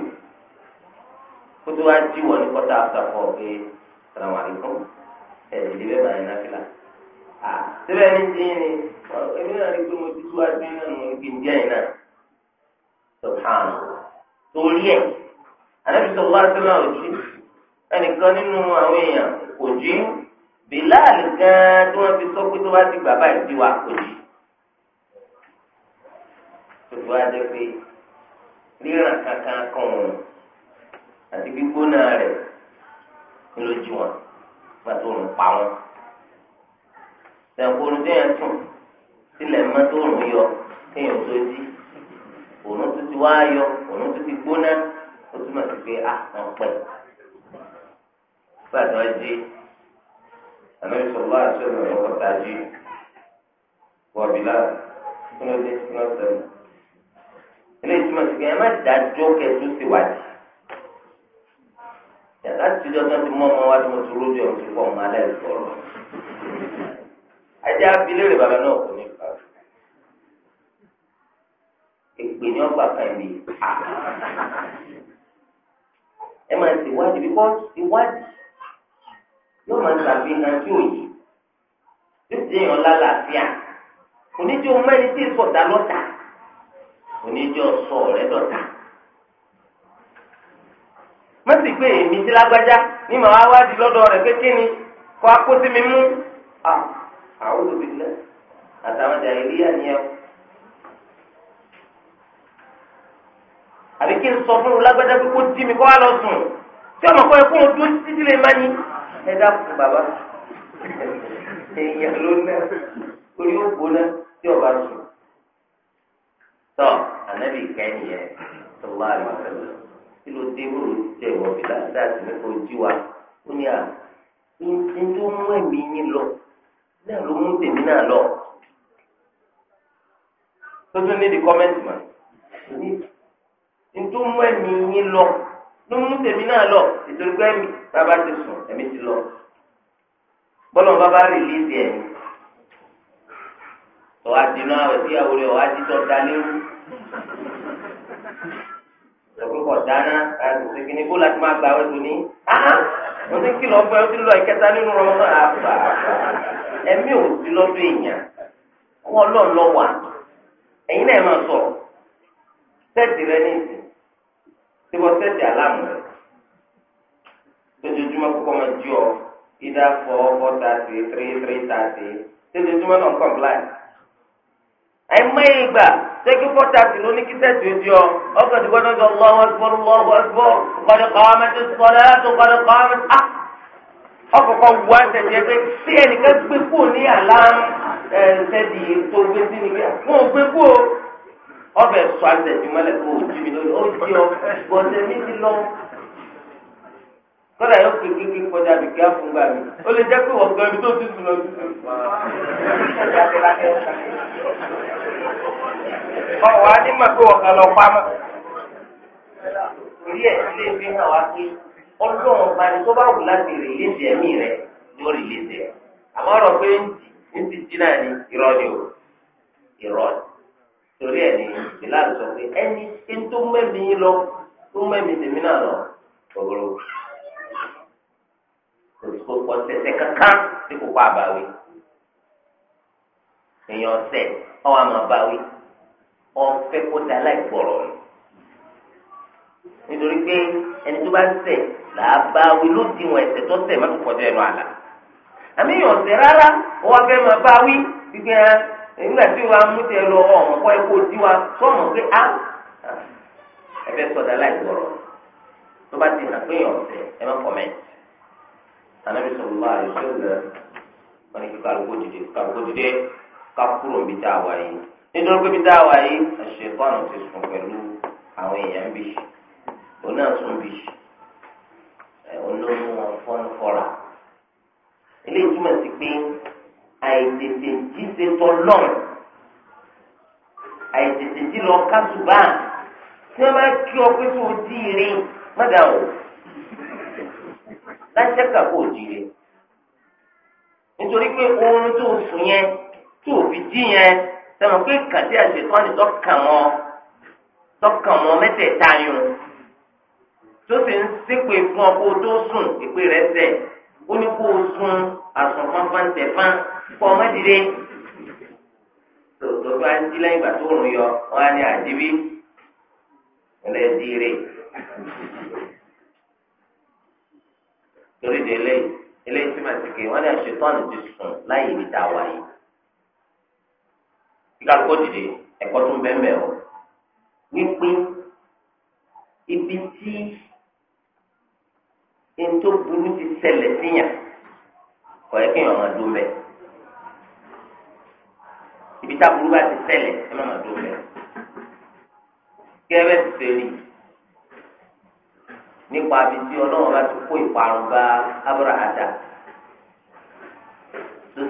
kótó wá jí wọ ní kọ́tà àtàkọ́ pé sàlámù àlùkùn ẹ̀ẹ́dì bẹ́ẹ̀ báyìí náà fìlà. síbẹ̀ ní ti ní ẹ̀mí náà rí pé mo ti tú adé náà mo ní kí n jẹ́ iná. subhan torí ẹ̀ ànábi sọ wá sí náà ojú ẹnìkan nínú àwọn èèyàn kò jí bíláàlì gan-an tí wọ́n ti sọ pé tó bá ti gbà báyìí ti wà kò jí. gbogbo adé pé ríran kankan kan òun àti gbígbóná rẹ̀ ńlójú wọn gba tó pa wọn. Ẹ̀kọ́ olùdé yẹn sùn sílẹ̀ mọ́ tó rùn yọ kéèyàn tó jí. Òórùn tó ti wá yọ, òórùn tó ti gbóná, ó túmọ̀ sí pé a kàn pẹ̀. Gbàdúrà jí, àmì sọ̀rọ̀ àti ọ̀nà ẹ̀kọ́ ta jí. Wọ̀bìlá kí ló dé kí ló Ilé ìtumọ̀ sí pé ẹ má dájọ́ kẹ́tù síwájú láti ìjọ tó ti mú ọmọ wa ni mo ti rójú ọ̀hún ti fọ́ ọmọ alẹ́ ìfọ̀rọ̀. ajá abilérè bàbá náà kò ní fa. èpè ní ọgbà kan ní ìhà. ẹ máa ti wádìí bíkọ́ ìwádìí yóò máa ṣàfihàn tí òye yóò ti yàn lálàáfíà oníjó mẹ́rin tí ì sọ̀dá lọ́tà oníjó sọ̀ rẹ̀ pé èmi ti lágbájá ní màá wá di lọ́dọ̀ rẹ̀ pé kíni kó a kó sí mi mú. àwọn ah, olùbílẹ̀ àtàwọn jàìlíyà ni ẹ. àbí kí n sọ fún un lágbájá pé kó dí mi kó wá lọ sùn tí ọmọ kọ́ ẹ kó ń dún títí lè má ní. ẹ dákun bàbá èèyàn ló ná orí òpó náà tí ọba sùn. tọ́ ànábì kẹ́yìn yẹn tó wá àlùfáà lọ kí ló dé wò ló jẹ ìwọ fìlà dáàtì nípa ojú wa ó ní à ní tó mú ẹ̀mí yín lọ náà ló mú tèmi náà lọ tó tún ní di kọ́mẹ́ǹtì mọ́ ní tó mú ẹ̀mí yín lọ ló mú tèmi náà lọ ìtòlú pé ẹ̀mí bàbá ti sùn ẹ̀mí ti lọ bọ́lọ̀ bàbá rìlíìsì ẹ̀mí tọ́ adìnnú àwẹ̀ tíyàwó rẹ̀ ọ̀ adìtọ̀ dalérú tẹ̀kúkọ̀ dáná láti ṣe kí ni kó láti máa gba àwọn ètò ní. mo ti kí lọ fẹ́ ó ti lọ ìkẹta nínú rọmọdún àbá ẹ̀mí ò sí lọ́dún èèyàn wọn lọ́ọ̀ lọ wà ẹ̀yin náà máa sọ̀rọ̀ sẹ́ẹ̀tì rẹ ní ìsìn tí wọ́n sẹ́ẹ̀tì àlámù rẹ lójoojúmọ́ kókó máa jí ọ ìdá fọ́ fọ́ tààtì tírí tírí tààtì lójoojúmọ́ náà ń kọ̀ǹpláì àìmọ́ ìgbà. sẹ́kì pọ́tàtì ló ní kí sẹ́ẹ̀tì ojú ọ ọkọ̀ tí wọ́n lọ́jọ́ Allahu akbar Allahu akbar qad qamatis salatu qad qamat á ah! ọkọ̀kọ̀ wù á sẹ́ẹ̀tì ẹgbẹ́ tí ẹnìkan gbé kú ní àlám sẹ́ẹ̀tì eh, tó gbé sí ni pé wọn ò gbé kú ọbẹ̀ sọ àtẹ̀jú mọ́lẹ̀ kó ojú mi lórí ó ti ọ kí kọjá fún gbà mí ó lè jẹ́ pé wọ́n gan ibi tó ti sùn lọ sí i. ọwọ́ anímọ̀ pé wọ́n kan lọ pamọ́. orí ẹ̀ ilé ìwé náà wá pé ọlọ́run ọba ni tó bá wù láti rè léde ẹ̀mí rẹ̀ lórí léde ẹ̀. àmọ́ ọ̀rọ̀ pé ní ti jí náà ni irọ́ ni o irọ́ ni. torí ẹ̀ ni bilal sọ pé ẹni tí tó mẹ́mi lọ tó mẹ́mi tèmi náà lọ gbogbo kò pọ̀ tẹ̀tẹ̀ kankan tí kò pa àbáwí èèyàn ọ̀sẹ̀ ọ̀ wà máa báwí. ọ̀fẹ́ kó láìpọ̀rọ̀ ni nítorí pé ẹni tó bá wí ló di wọn ẹ̀ṣẹ̀ tó ṣẹ̀ mọ́tò kọjá ẹnu àlà àmì yàn ṣẹ̀ rárá wọ́n fẹ́ máa bá wí gbígbẹ́ ah, nígbà tí wàá mú tẹ lọ ọmọ kọ́ wa sọ́mọ pé á ah, ẹ̀fẹ́ sọ̀dá láìpọ̀rọ̀ tó bá ti hàn pé yàn ṣẹ̀ ẹ má kọ̀mẹ́ntì Ànábì sallallahu alaihi wasallam wọn ni dìde dìde ká kúrò níbi tá a nítorí pé bíi dáwà yìí àṣetọ́nù ti sùn pẹ̀lú àwọn èèyàn bì òun náà sùn bì olórí wọn fọ́nù fọ́ra eléyìí túmọ̀ sí pé àìtètè jíṣe tọ́lọ́n àìtètè jí lọ kásùbà tí wọ́n bá kí ọ pé tó di ire mọ́dà o láṣẹ kàkó di ire nítorí pé oorun tó sùn yẹn tó fi jí yẹn sẹ́mi pé kàdé àṣetọ́ni tọ́kàn mọ́ tọ́kàn mọ́ mẹ́tẹ̀ẹ̀ta yun tó sì ń ṣépè fún ọkọ tó sùn ìpè rẹ̀ sẹ̀ ó ní kó o sun àsùn fanfantẹ̀fán kọ́ ọmọdéde tòótọ́ bá ń jí lẹ́yìn ìgbà tó rùn yọ wọ́n á ní àdébí ẹlẹ́dìrè torí de eléyìí eléyìí tí màá ti ké wọ́n ní àṣetọ́ni ti sùn láyé ibi tá a wà yìí kíkàlùkò dìde ẹ̀kọ́ tún bẹ́ẹ̀ mẹ́ o wípé ibi tí ètò burú ti ṣẹlẹ̀ síyàn kọ̀ ẹ́ kéèyàn máa dún bẹ́ẹ̀ ibi tá burú bá ti ṣẹlẹ̀ ẹ má máa dún bẹ́ẹ̀ kí ẹ ti sẹ́rí nípa ibi tí ọlọ́run bá ti kó ìparun bá abúlé tó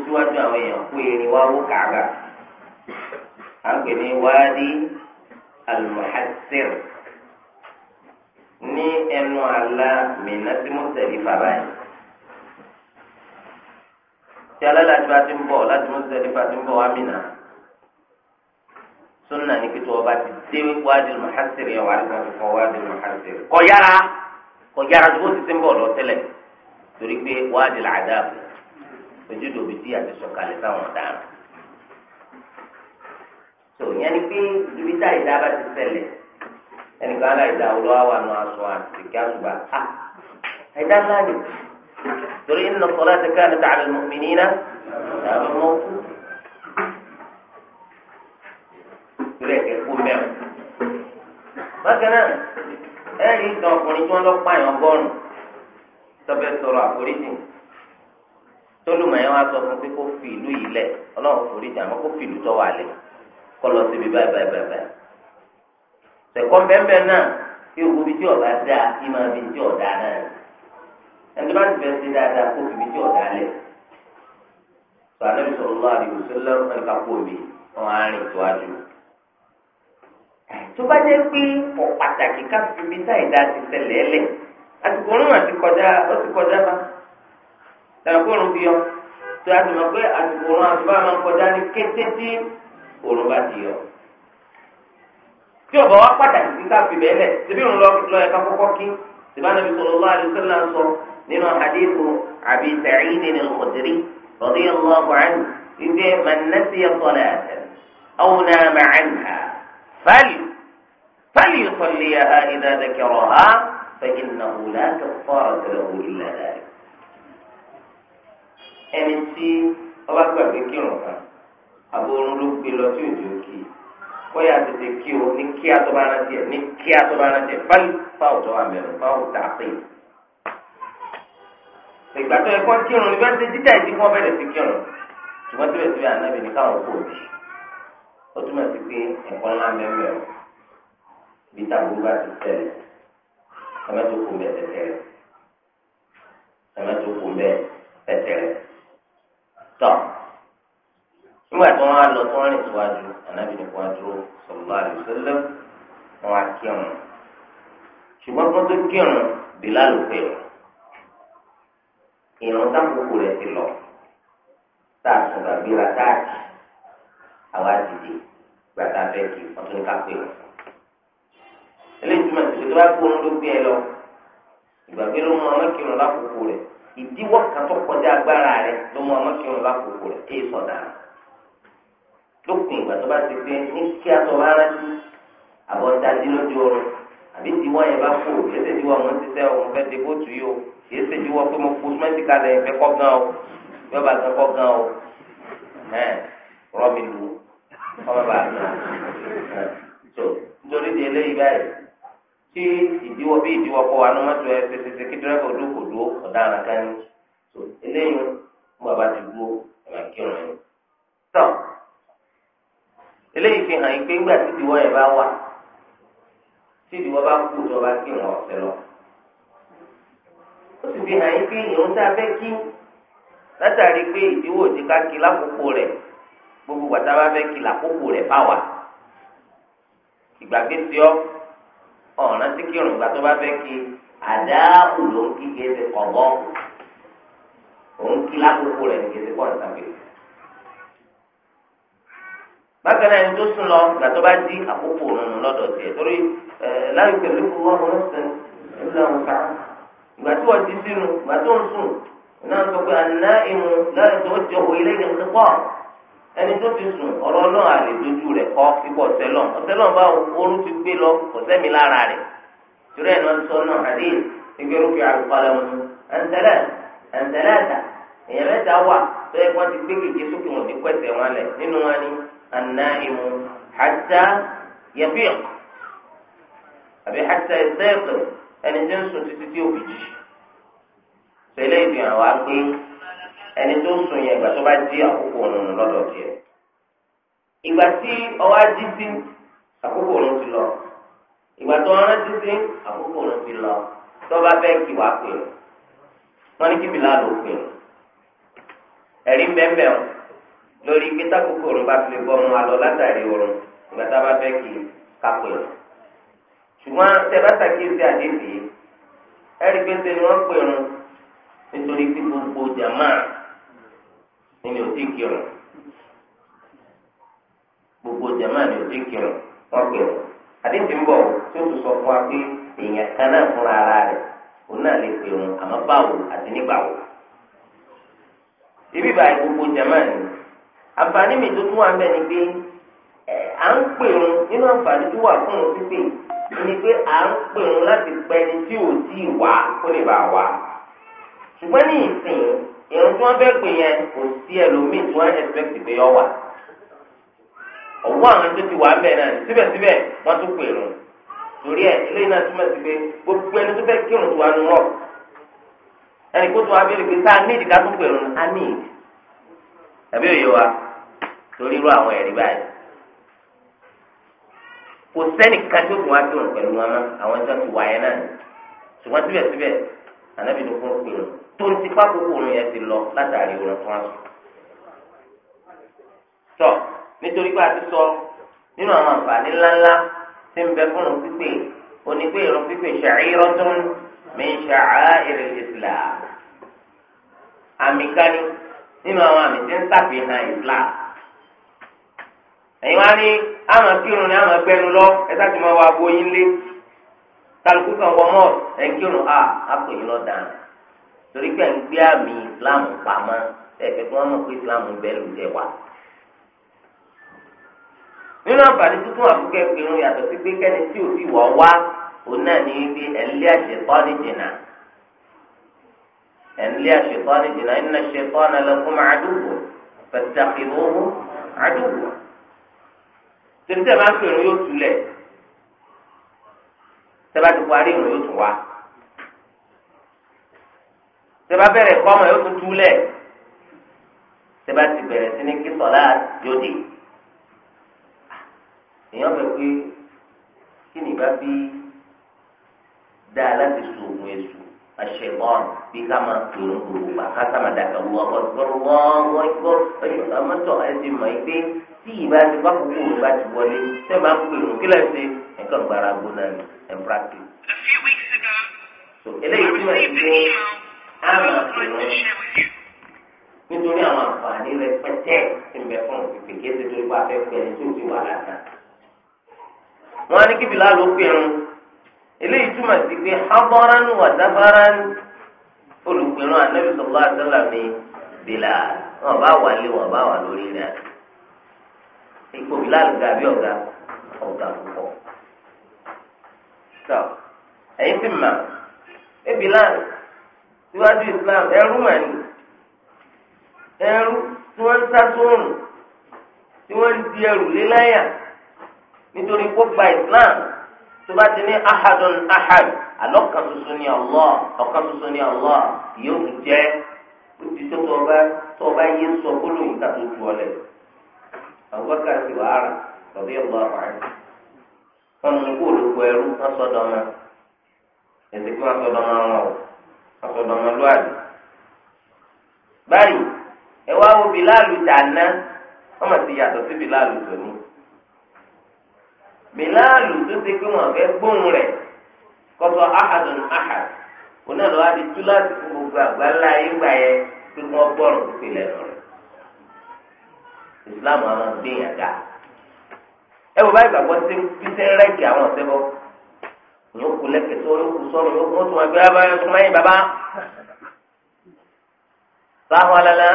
síwájú àwọn èèyàn kó erin wá wó kàga àgbẹ̀ ní wáádí almuhassir ní ẹnu àlá mìíràn tí mo tẹ̀lé fàbá yìí. tí alálàájú bá ti ń bọ̀ láti mo tẹ̀lé fàbá ti ń bọ̀ wá mìíràn sunna ni kìtọ́ ọba ti dé wáádí almuhassir yẹn wà nígbà fọ wáádí almuhassir. kọ̀ yára kọ̀ yára ti ti ń lọ tẹ́lẹ̀ torí pé wáádí làdá ojú dòbí tí a ti sọ̀kalẹ̀ sáwọn ọ̀daràn tó yẹn ni pé ibi tá ìdá bá ti ṣẹlẹ̀ ẹnìkan aláìdá olówó àwọn àna aṣọ àti kí àtúgbà á àìdá ńlá ni torí inna salata kanat ala al-mu'minina àwọn ọmọ òkú torí ẹ̀kẹ́ kó mẹ́rin bákan náà ẹ̀rí ìtàn ọkùnrin tí wọ́n lọ pààyàn ọgọ́rùn-ún tọ́bẹ̀ sọ̀rọ̀ àforíjì tólùmọ̀ yẹn wá sọ fún pé kó fi ìlú yìí lẹ̀ ọlọ́run foríjì àmọ́ kó fi ìlú tọ́ wà lẹ̀ kọlọ síbi báyìí báyìí báyìí báyìí sẹkọ bẹnbẹ náà ewu bi tí ọba dá ìmọ̀ bi tí ọ̀dá náà ẹni bá ti bẹ̀rẹ̀ sí dáadáa kó fi bi tí ọ̀dá lẹ̀ sọ àná mi sọ̀rọ̀ lọ́wọ́ àdìgbò sẹ́lẹ̀ ẹ̀ka kó mi wọn á rìn tó àjò. tó bá jẹ́ pé ọ̀ pàtàkì ká fi bi táyì dá ti ṣẹlẹ̀ ẹ̀lẹ̀ àsìkò òórùn àti kọjá ó ti kọjá bá tàbí kó òórùn bí yọ tó a ti mọ̀ pé àsìkò òórùn àti bá máa kọjá ní kété tí òòrùn bá di ọ. tí ọba wa pàtàkì tí ọ̀bọ̀ wá pàtàkì sí ká fi bẹ́ẹ̀ lẹ̀ síbí òun lọ ẹ̀ka kọ́kọ́ kí sìbánabi sallallahu alaihi wasallam sọ nínú hadithu Abi Sa'id al-Khudri radiyallahu anhu ìgbé man nasiya salatan aw nama anha fali fali yusalliha idha dhakaraha fa innahu la kaffarata lahu illa dhalik. ẹni tí ọba gbàgbé kírun kan aborun ló gbé lọ sí òjò kì í kọ́yà tètè kí o ní kí atọ́bára tiẹ̀ ní kí atọ́bára tiẹ̀ báyìí fáwọn tó wà mẹ́rin fáwọn tà pé. ìgbà tó yẹ kó kírun ní bẹ́ẹ̀ dídá ìdí wọn bẹ̀rẹ̀ sí kírun ṣùgbọ́n tí bẹ̀rẹ̀ sí ànábì ní káwọn kò bí ó túmọ̀ sí pé ẹ̀kọ́ ńlá mẹ́mẹ́ o bí tàbí bá ti tẹ̀lé ẹ̀mẹ́ tó kún bẹ́ẹ̀ tẹ̀tẹ̀rẹ̀ ẹ̀mẹ́ tó kún bẹ́ẹ̀ tẹ̀tẹ̀rẹ̀ tọ́ nígbà tí wọ́n á lọ tí wọ́n rìn síwájú ànábì ní wájú sọlá àdìsẹ́lẹ̀ wọn á kírun ṣùgbọ́n kó tó kírun bìlá ló pè ọ́ ìrún tákùkù rẹ̀ ti lọ tá a sùn gbàgbéra táàkì àwa dìde gbàtà bẹ́ẹ̀ kí wọ́n tún ká pè ọ́ eléyìí túmọ̀ sí pé tó bá kó ohun ló gbé ẹ lọ ìgbàgbé ló mú ọmọ kírun lákòókò rẹ̀ ìdíwọ́ kan tó kọjá agbára rẹ̀ ló mú ọmọ kírun lákòókò rẹ̀ èyí sọ̀dà rẹ̀ lópin ìgbà tó bá ti pé ní kí atọ́ bá rántí àbọ̀ dájú lójú oorun àbí tiwọ́ yẹn bá kú yéé ṣe tiwọ́ wọn ti sẹ́ òun fẹ́ de bóòtù yìí o yéé ṣe tiwọ́ pé mo kú sumẹ́ntì kalẹ̀ ìfẹ́ kọ́ gan o yọba fẹ́ kọ́ gan o ẹ̀ rọ́bì lu ọmọ bàbá náà tó nítorí di eléyìí báyìí tí ìdíwọ́ bí ìdíwọ́ kọ́ wa ní mọ́tò ẹ ṣe ṣe kí dírẹ́fà ojú kò dúró ọ̀daràn kan ní eléyìí bàbá ti dúró ẹ̀ eléyìí fi hàn yín pé ńgbà tí ìdíwọ́ yẹn bá wà tí ìdíwọ́ bá kú tó bá kí wọn ọ̀sẹ̀ lọ. ó sì fi hàn yín pé ìrún tá a fẹ́ kí látàrí pé ìdíwọ́ òde ká kí lákòókò rẹ̀ gbogbo gbàtà bá fẹ́ kí lákòókò rẹ̀ bá wà. ìgbàgbé tí ọ ọ̀ràn tí kírun ìgbà tó bá fẹ́ kí àdáàbò ló ń kí kéde kọ̀ọ̀bọ̀ òun kí lákòókò rẹ̀ kéde kọ̀ọ̀tàbí. bákan náà tó sùn lọ gbà bá di àkókò òun lọ́dọ̀ tiẹ̀ torí láyé pẹ̀lú ìfowópamọ́ ńlá ìgbà tí wọ́n ti sínú ìgbà tó ń sùn náà sọ pé àná ìmú láyé tó ti ọ̀wọ́ ilé ìgbà tó pọ̀ ẹni tó ti sùn ọ̀rọ̀ náà àlè dojú rẹ̀ kọ́ ipò bá ti gbé lọ kò sẹ́mi lára rẹ̀ náà sọ náà النائم حتى يفيق àbí حتى يستيقظ ẹni tí ń sùn títí tí ó fi jì sẹlẹ̀ ìdìyàn wá pé ẹni tó sùn yẹn ìgbà tó bá jí àkókò òun lọ́dọ̀ tiẹ̀ ìgbà tí ọwọ́ ají sí àkókò òun ti lọ ìgbà tó ọ̀rán ti sí àkókò òun ti lọ tó bá fẹ́ kí wàá pè wọ́n ní kí bìlá ló pè ẹ̀rí bẹ́ẹ̀ bẹ́ẹ̀ o lórí pé tákòkò òrùn bá fi bọ́ ọmọ alọ látàrí òrùn ìgbà tá a bá fẹ́ kí kápẹ́ òrùn. ṣùgbọ́n tẹ bá ṣàkíyèsí àdébì ẹ̀rí pé ni wọ́n pè òrùn nítorí pé gbogbo jàmá ni ò tí kí òrùn gbogbo jàmá ni ò tí kí òrùn wọ́n pè òrùn. àdébì ń bọ̀ tí ó tún sọ fún wa pé èèyàn kan náà fúnra ara rẹ̀ òun náà lè pè òrùn àmọ́ báwo àti nígbà wo. ibi báyìí gbogbo jàmá ni àǹfààní mi tó tún wà mẹ́ni pé à ń pèrún nínú àǹfààní tó wà fún òun pípé ni pé à ń pèrún láti pẹ́ ẹni tí ò tí ì wá kó lè bá wá ṣùgbọ́n ní ìsìn ìrún tí wọ́n fẹ́ pè yẹn kò sí ẹlòmíì tí wọ́n expect pé ọ wà ọwọ́ àwọn tó ti wà ń bẹ̀ náà síbẹ̀síbẹ̀ wọ́n tún pèrún torí ẹ̀ eléyìí náà túmọ̀ sí pé gbogbo ẹni tó fẹ́ kírun tó wà nù rọ̀ ẹnì kó tó wà bẹ́ẹ̀ lè pé sáà ní ìdíkà tó pèrún á ní ìdí lórí irú àwọn ẹ̀rí báyìí kò sẹ́nìkan tó kún ákírun pẹ̀lú wọn mọ́ àwọn ẹ̀sán ti wáyé náà ṣùgbọ́n síbẹ̀síbẹ̀ ànábì ló fún pèrò tó ń tipa gbogbo òun yẹn ti lọ látàrí òun tó wọn sùn. tọ nítorí pé a ti sọ nínú àwọn àǹfààní ńláńlá tí ń bẹ fún òun pípé òní ìrún pípé sha'iratun min sha'a'iril Islam àmì kan nínú àwọn àmì tí ń ṣàfihàn Islam. ẹ̀yin wá ní àmọ̀ kírun ní gbẹnu lọ ẹ ti máa wá lé kálukú kan wọ ẹ̀ kírun a àpò yín lọ dàn torí pé ń gbé àmì Islam pamọ́ ẹ̀fẹ̀ kí wọ́n mọ̀ pé Islam bẹ́ẹ̀ ló wá. nínú àǹfààní tuntun àbúkẹ́ kírun yàtọ̀ sí pé kẹ́ni tí wá òun náà ní ibi ẹ̀lẹ́ ní jìnnà ẹ̀lẹ́ àṣetọ́ ní jìnnà inna tèmi tẹ̀ máa ń pèrò yóò túlẹ̀ tẹ́bá ti parí ìrùn yóò tún wá tẹ́bá bẹ̀rẹ̀ kọ́mọ yóò tún túlẹ̀ tẹ́bá ti bẹ̀rẹ̀ sí ní kí sọ̀lá èèyàn bẹ̀ pé kí ni ìbá bí dáa láti sọ ògùn èṣù àṣẹ̀bọ̀n bí ká máa pèrò gbòògbà ká sábà dàgbà wọ́n ọ̀gbọ́n wọ́n wọ́n gbọ́ ẹ̀yọ́ àmọ́tọ̀ ẹ̀sìn mọ̀ ẹ́ tí ìbá ti bá kúkú òun bá ti wọlé tẹ́ máa ń pè òun kí lẹ́yìn ṣe ẹ̀kọ́ gbára gbóná ni ẹ̀ ń practice. eléyìí túmọ̀ sí pé a máa pè wọ́n nítorí àwọn àǹfààní rẹ pẹ́tẹ́ ti ń bẹ fún òkèké kí ẹsẹ̀ tó ń bá fẹ́ pẹ́ ẹni tó ti wà láta. wọ́n á ní kíbi láàlú pé ẹ̀rùn eléyìí túmọ̀ sí pé habọ́rán wà dábàrán olùpẹ̀rún ànábìsọ̀lá àtàlà mi bìlà wọn bá wà lé wọn bá wà lórí rẹ̀ ipò bilal ga bí ọ̀gá ọ̀gá púpọ̀. tọ́ ẹ̀yin ti mà ẹ bilal síwájú islam ẹrú mà ní ẹrú tí wọ́n ń sá sóòrùn tí wọ́n ń di ẹrù léláyà nítorí kó gba islam tó bá ti ní ahadun ahad àlọ́ kan ṣoṣo ní Allah ọ̀kan ṣoṣo ní Allah yóò jẹ́ ó ti tó tọ́ ọba tọ́ ọba yé sọ gbólóyìn ká tó tu ọ lẹ́nu. Abubakar ti wà ára lọ́bí ọ̀gbọ́ àbáyé. Wọ́n mú kó olùkọ ẹrú wọ́n sọ̀dọ̀ kí wọ́n sọ̀dọ̀ wọn o, wọ́n sọ̀dọ̀ ọmọ Báyìí, ẹ wá wo Bìláàlù tàná, wọ́n mọ̀ sí yàtọ̀ sí Bìláàlù tó ti pé wọn fẹ́ gbóhùn rẹ̀ kọ́sọ́ ahadun ahad. di túláàsì fún gbogbo àgbáńlá ayé gbà islam àwọn gbìyàn ga ẹ wò báyìí gbàgbọ́ sí pípẹ́ rẹ́ẹ̀kì àwọn ọ̀sẹ̀ bọ́ yóò kú lẹ́kẹ̀ẹ́ tó yóò kú sọ́run yóò kú mọ́tò wọn gbé abáyọ súnmọ́ yín bàbá sáwọn alala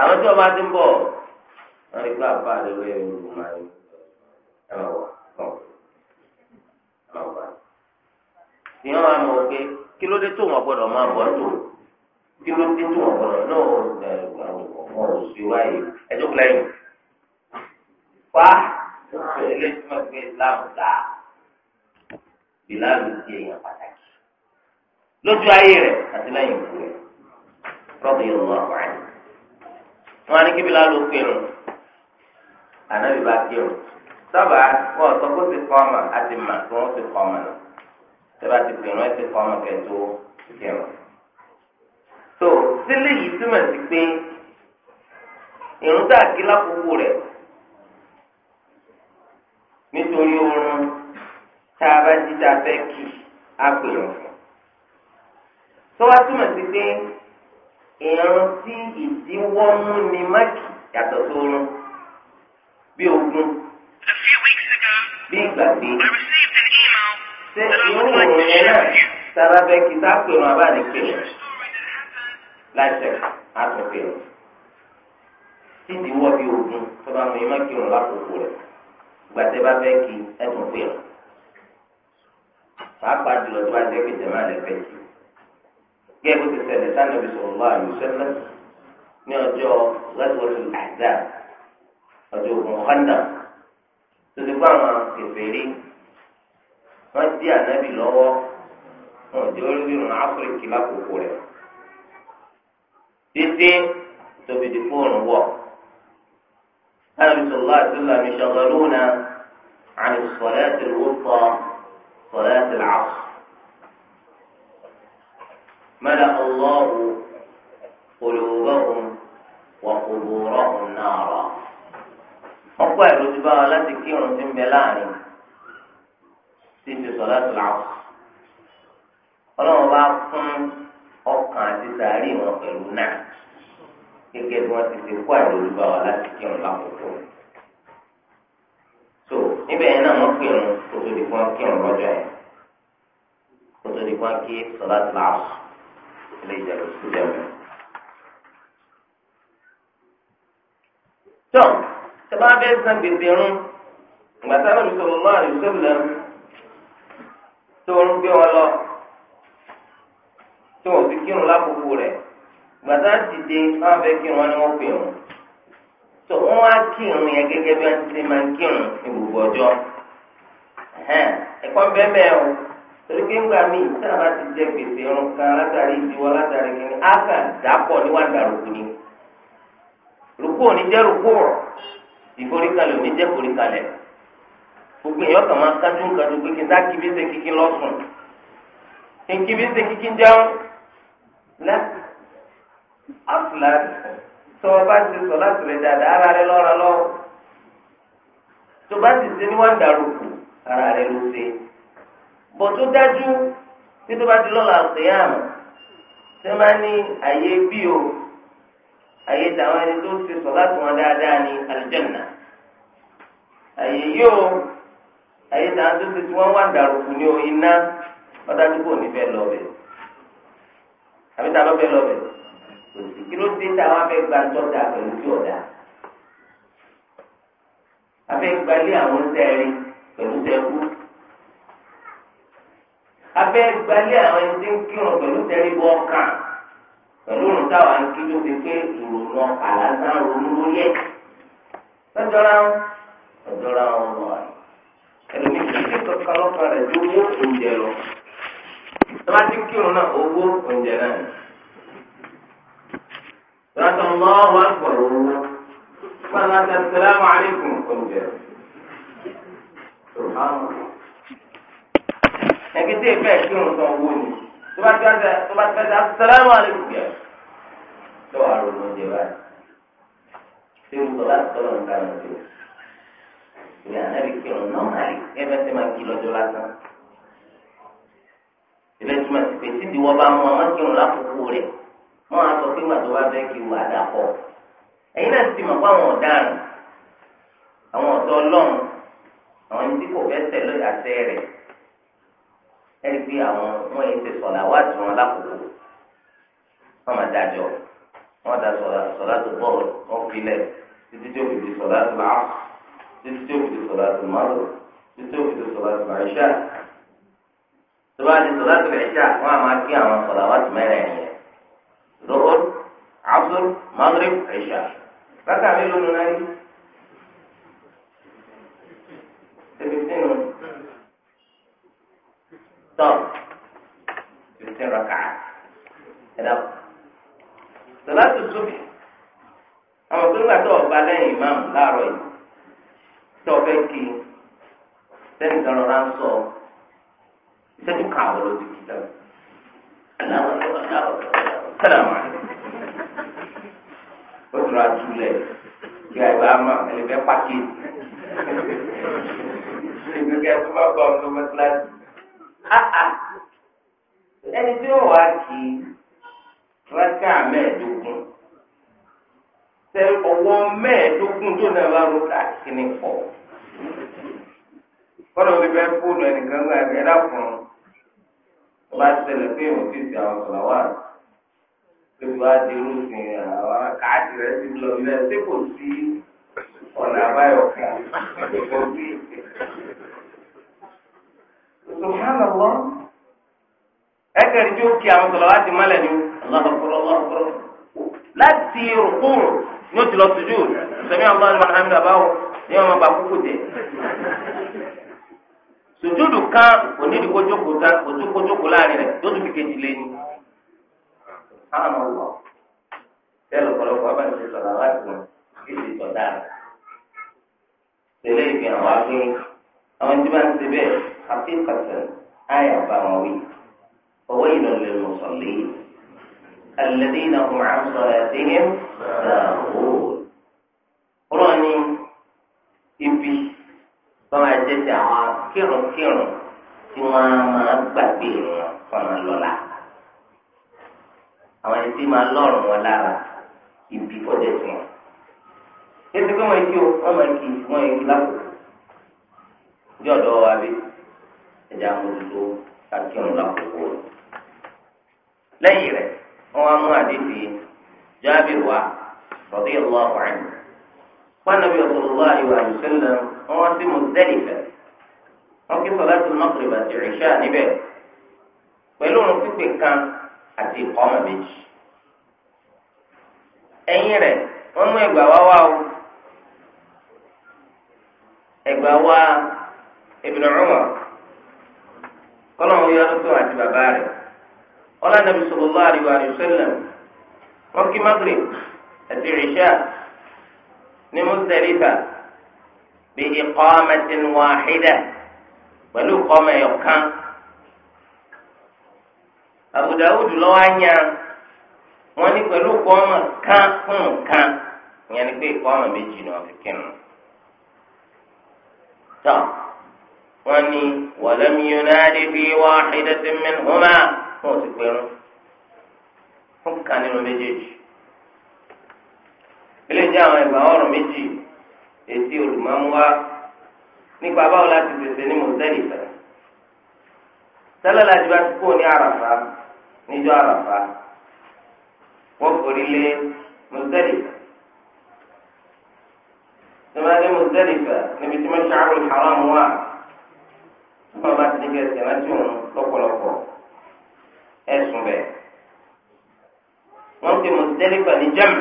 àwọn tí wọn bá ti ń bọ̀ wọn lè gbé àbá rẹ lórí ẹ̀rọ ìlú máa ń ìyẹn wàá mọ̀ pé kí ló dé tó wọn gbọdọ̀ máa bọ̀ tó kí ló dé tó wọn gbọdọ̀ náà ẹ̀ ẹ̀ wọn ò sí wáyé ẹjọ́ kúlẹ̀ yìí fa ilé tí wọ́n gbé islam dá Bilal di èèyàn pàtàkì lójú ayé rẹ̀ àti lẹ́yìn ikú rẹ̀ rọ́bì yìí lọ́wọ́ àwọn àyè wọn á ní kí bilalu kírun ànábì bá kírun sábà wọn sọ kó ti kọ́ ọmọ àti mà kí wọ́n ti kọ́ ọmọ náà sábà ti kírun ẹ ti kọ́ ọmọ kẹ́tọ́ kírun. tó sílé yìí túmọ̀ sí pé irun tá a kí lákòókò rẹ̀ nítorí oorun tá a bá jí tá a fẹ́ kí a pè wọn fún tó wá túmọ̀ sí pé irun tí ìdíwọ́ mú ni máàkì yàtọ̀ sórun bí ogun bí ìgbàgbé ṣé irú òun yẹn náà tá a bá fẹ́ kí tá a pè wọn abáàdé pè wọn láìsẹ̀ àtúnpè wọn títí wọ́ bí ogun tó bá mú yín má kírun lákòókò rẹ̀ ìgbà tẹ́ bá fẹ́ kí ẹ̀tún pè ọ́ pàápàá jùlọ tó bá jẹ́ pé jẹ̀má lẹ fẹ́ kí gẹ́gẹ́ bó ti ṣẹlẹ̀ sáà nàbí sallallahu alaihi wasallam ní ọjọ́ Ghazwatul Ahzab ọjọ́ ogun Khandaq tó ti bá àwọn kèfèrí wọ́n dí ànábì lọ́wọ́ wọn ò jẹ́ orí áfíríkì lákòókò rẹ̀ títí tóbi di fóònù wọ̀. النبي صلى الله عليه وسلم يشغلون عن الصلاة الوسطى صلاة العصر ملأ الله قلوبهم وقبورهم نارا ọ̀pọ̀ ẹ̀rọ ti bá wa láti kírun tí ń bẹ láàrin tí ti sọ láti làwọn ọlọ́run bá fún ọkàn àti sàárì wọn pẹ̀lú náà gẹ́gẹ́ bí wọ́n ti fi kó àìlórí bá wa láti kí wọn lákòókò. so níbẹ̀ yẹn náà wọ́n pè wọn kó tó di fún kí wọn lọ́jọ́ yẹn kó tó di fún kí sọlá ti láàsù ilé ìjẹ̀lú sí lẹ́wọ̀n. tó tẹ́lá bẹ́ẹ̀ san gbèsè rún ìgbà táwọn mi sọ̀rọ̀ lọ́wọ́ àdìsọ́ lẹ́ tó ń gbé wọn lọ tó ń fi kírun lákòókò rẹ̀. gbàtà dìde wọn fẹ́ kí wọn ni wọn pè wọn tó wọn wá yẹn bí wọn ti ṣe máa ń kírun ní gbogbo ọjọ́ ẹ̀kọ́ bẹ́ẹ̀ o torí pé ńgbà míì bá ti jẹ gbèsè ọrùn kan látàrí ìdíwọ́ látàrí kìíní á dàpọ̀ níwájú àrùkù ni rùkù ò jẹ́ rùkù rọ̀ ìforíkalẹ̀ ò jẹ́ foríkalẹ̀ gbogbo afúlá tó o bá ti sọ láti rẹ dáadáa ara rẹ lọ́ra lọ́wọ́ tó o bá ti ṣe níwọ̀n dàrúkù ara rẹ ló ṣe bọ̀ tó dájú tí tó bá ti lọ́la àṣeyàmù tó máa ní àyè bí o àyè tàwọn ẹni tó ti sọ láti wọn dáadáa ní àlùjànnà àyè yóò àyè tàwọn tó ti wọn wà dàrúkù ní o iná ọ̀dájú kò ní fẹ́ lọ bẹ̀ àbí tá a lọ fẹ́ lọ òsì kí ló dé táwọn afẹ́ gba tọ́jà pẹ̀lú tí ọ̀dà afẹ́ gbalé àwọn sẹ́ẹ̀rin pẹ̀lú sẹ́ẹ̀kú afẹ́ gbalé àwọn ẹni tí ń kírun pẹ̀lú sẹ́ẹ̀rin bọ́ kàn pẹ̀lú òrùn táwọn akí tó fi pé ìrònú ọkà lásán ronú ló yẹ lọ́jọ́ra wọn lọ́jọ́ra wọn lọ rẹ̀ ẹlòmíì kì í ṣe tọ́ka lọ́kàn rẹ̀ lówó oúnjẹ lọ tọ́lá tí ń kírun náà owó oúnjẹ náà ni sọ́dọ̀ ọlọ́run wá pọ̀rọ̀ owó sọ́dọ̀ àti asalaamu aleykum oúnjẹ. ẹ̀kí tí èké ẹ̀kí ń sọ owó ni tó bá tẹ́lẹ̀ tó bá tẹ́lẹ̀ asalaamu aleykum yẹ lọ́wọ́ àrùn oúnjẹ báyìí. ṣé o sọ láti tọ́lọ̀ nǹkan ẹ̀ ṣe? ìyá náà lè kí ọ̀nà náà ẹ̀ bẹ́ẹ̀ tẹ́ máa kí lọ́jọ́ lásán ìrẹsì máa ti pèsè ìdíwọ́ bá mú àwọn kírun lákòókò rẹ̀ wọn á sọ pé màtó bá fẹ́ kí wà dà pọ̀ ẹ̀yin náà ti mọ̀ pé àwọn ọ̀daràn àwọn ọ̀tọ̀ ọlọ́run àwọn ẹni tí kò fẹ́ tẹ̀ lóye àṣẹ rẹ̀ ẹni pé àwọn wọn yìí ti sọ̀lá wá tí wọn lákòókò wọn máa dájọ́ wọn da sọ̀lá tó bọ́ọ̀lù wọn filẹ̀ títí tí ó fi di sọ̀lá tó máa títí tí ó fi di sọ̀lá tó máa lò títí ó fi di sọ̀lá tó máa ṣá tó bá di sọ̀lá tó máa ṣá wọn á máa kí àwọn sọ̀lá wá tó mẹ́rẹ̀ẹ̀rin yẹn lóhùn asr maghrib ìṣà bákà mi lónìí náà yìí fifteen o tọ fifteen raka ẹ̀dá sọlá tó sóbì àwọn tó ń gbà tó ọba lẹ́yìn ìmáàmù láàárọ̀ yìí tó ọbẹ̀ kí sẹ́yìn kan rọra ń sọ sẹ́yìn kan àwọn olódìkì lẹ́wọ̀n aláwọ̀ ẹ̀rọ aláwọ̀ ẹ̀rọ sálàmù àlẹ́ ó tura tulẹ̀ kí ẹ ama ma ẹ lè fẹ́ pàkí ìgbẹ́kẹ̀ tó bá bọ̀ ọ́n tó bá tilasi ẹni tí ó wá kí rákà mẹ́ẹ̀ẹ́dógún tẹ ọwọ́ mẹ́ẹ̀ẹ́dógún tó náà bá ro káàkiri pọ̀ kọ́nà òbí bẹ́ẹ̀ fóònù ẹnìkan gbà ẹ̀dá fún un bá tẹ̀lé pé òfíìsì àwọn sọ̀rọ̀ wà tóbi wá di irúfin àwọn káàdì rẹ ti lọ ilé tí kò sí ọ̀nà àbáyọ kan kò sí. Subhanallah ẹ̀kẹ́rì tí ó kí àwọn sọ̀rọ̀ láti mọ́lẹ̀ ni ọlọ́kọ̀ọ́kọ́ láti rúkúrú ní oṣù lọ sójú sẹ́mi àwọn ọmọdé wọn hàmì àbáwò ní ọmọ bá kúkú jẹ. Sùjúdù kan onídìí kójókòó láàrin rẹ̀ yóò tún fi kejì lé ní káàmù wọ̀ bẹ́ẹ̀ lọ́pọ̀lọpọ̀ abáyé ti sọ̀rọ̀ láti wọn kí ti tọ̀ dáa. Tẹ̀lé ìgbìyànjú wa pé àwọn tí wọ́n ti bẹ̀ àfihàn ayé àbá wọn wí. Owó ìlọ الذين هم عن صلاتهم ساهون. Wọ́n ní ibi wọ́n máa jẹ́ ti àwọn kírùnkírùn tí wọ́n máa àwọn ẹni tí máa lọ́rùn wọn lára ibi fọ́jẹ̀ sí wọn. ètò pé wọ́n kí o wọ́n máa kí wọ́n kí lápò ní ọ̀dọ́ wa bí ẹ̀jẹ̀ amójútó kákírun lápòpọ̀ rẹ̀. lẹ́yìn rẹ̀ wọ́n wá mú àdébí Jábìr wá radiyallahu anhu. Ànábì sallallahu alaihi wa sallam wọ́n wá sí Muzdalifah wọ́n kí sọ̀lá tó náà kúrò bàtì ìṣá níbẹ̀ pẹ̀lú òun pípé kan. àti ìkọ́mọ̀ méjì. ẹ̀yìn rẹ̀ wọ́n mú ẹ̀gbà wá wá o ẹ̀gbà wá Ibn Umar kọ́nà òun yọ tó àti bàbá rẹ̀ ọlá nàbí sallallahu alaihi na sallam wọ́n kí Maghrib àti ní bí wahida pẹ̀lú ìkọ́mọ̀ ẹ̀yọ̀kan. Abu Dawud lọ́wọ́ anya wọ́n ní pẹ̀lú kọ́ọ̀mà kan fún nǹkan ìyẹn ni pé kọ́ọ̀mà méjì ni wọ́n fi kírun. tọ́ wọ́n ní walam yunadi fi wahidatin minhuma fún òsì pẹ̀rún fún kan nínú méjèèjì. ilé jẹ́ àwọn ìgbà ọ̀rọ̀ méjì èsì olùmọ̀ọ́mùwá nípa báwo láti pèsè ní mọ̀tẹ́lì fẹ́. tẹ́lẹ̀ láti bá ti kúrò ní àràfà níjọ́ àràfà wọ́n forí lé Muzdalifa tẹmẹdé Muzdalifa níbi tí Mash'arul Haram wà tí wọ́n bá ti dìgbà ẹsẹ̀ láti òun lọ́pọ̀lọpọ̀ ẹ̀sùn bẹ́ẹ̀ wọ́n ti Muzdalifa ní jẹ́mù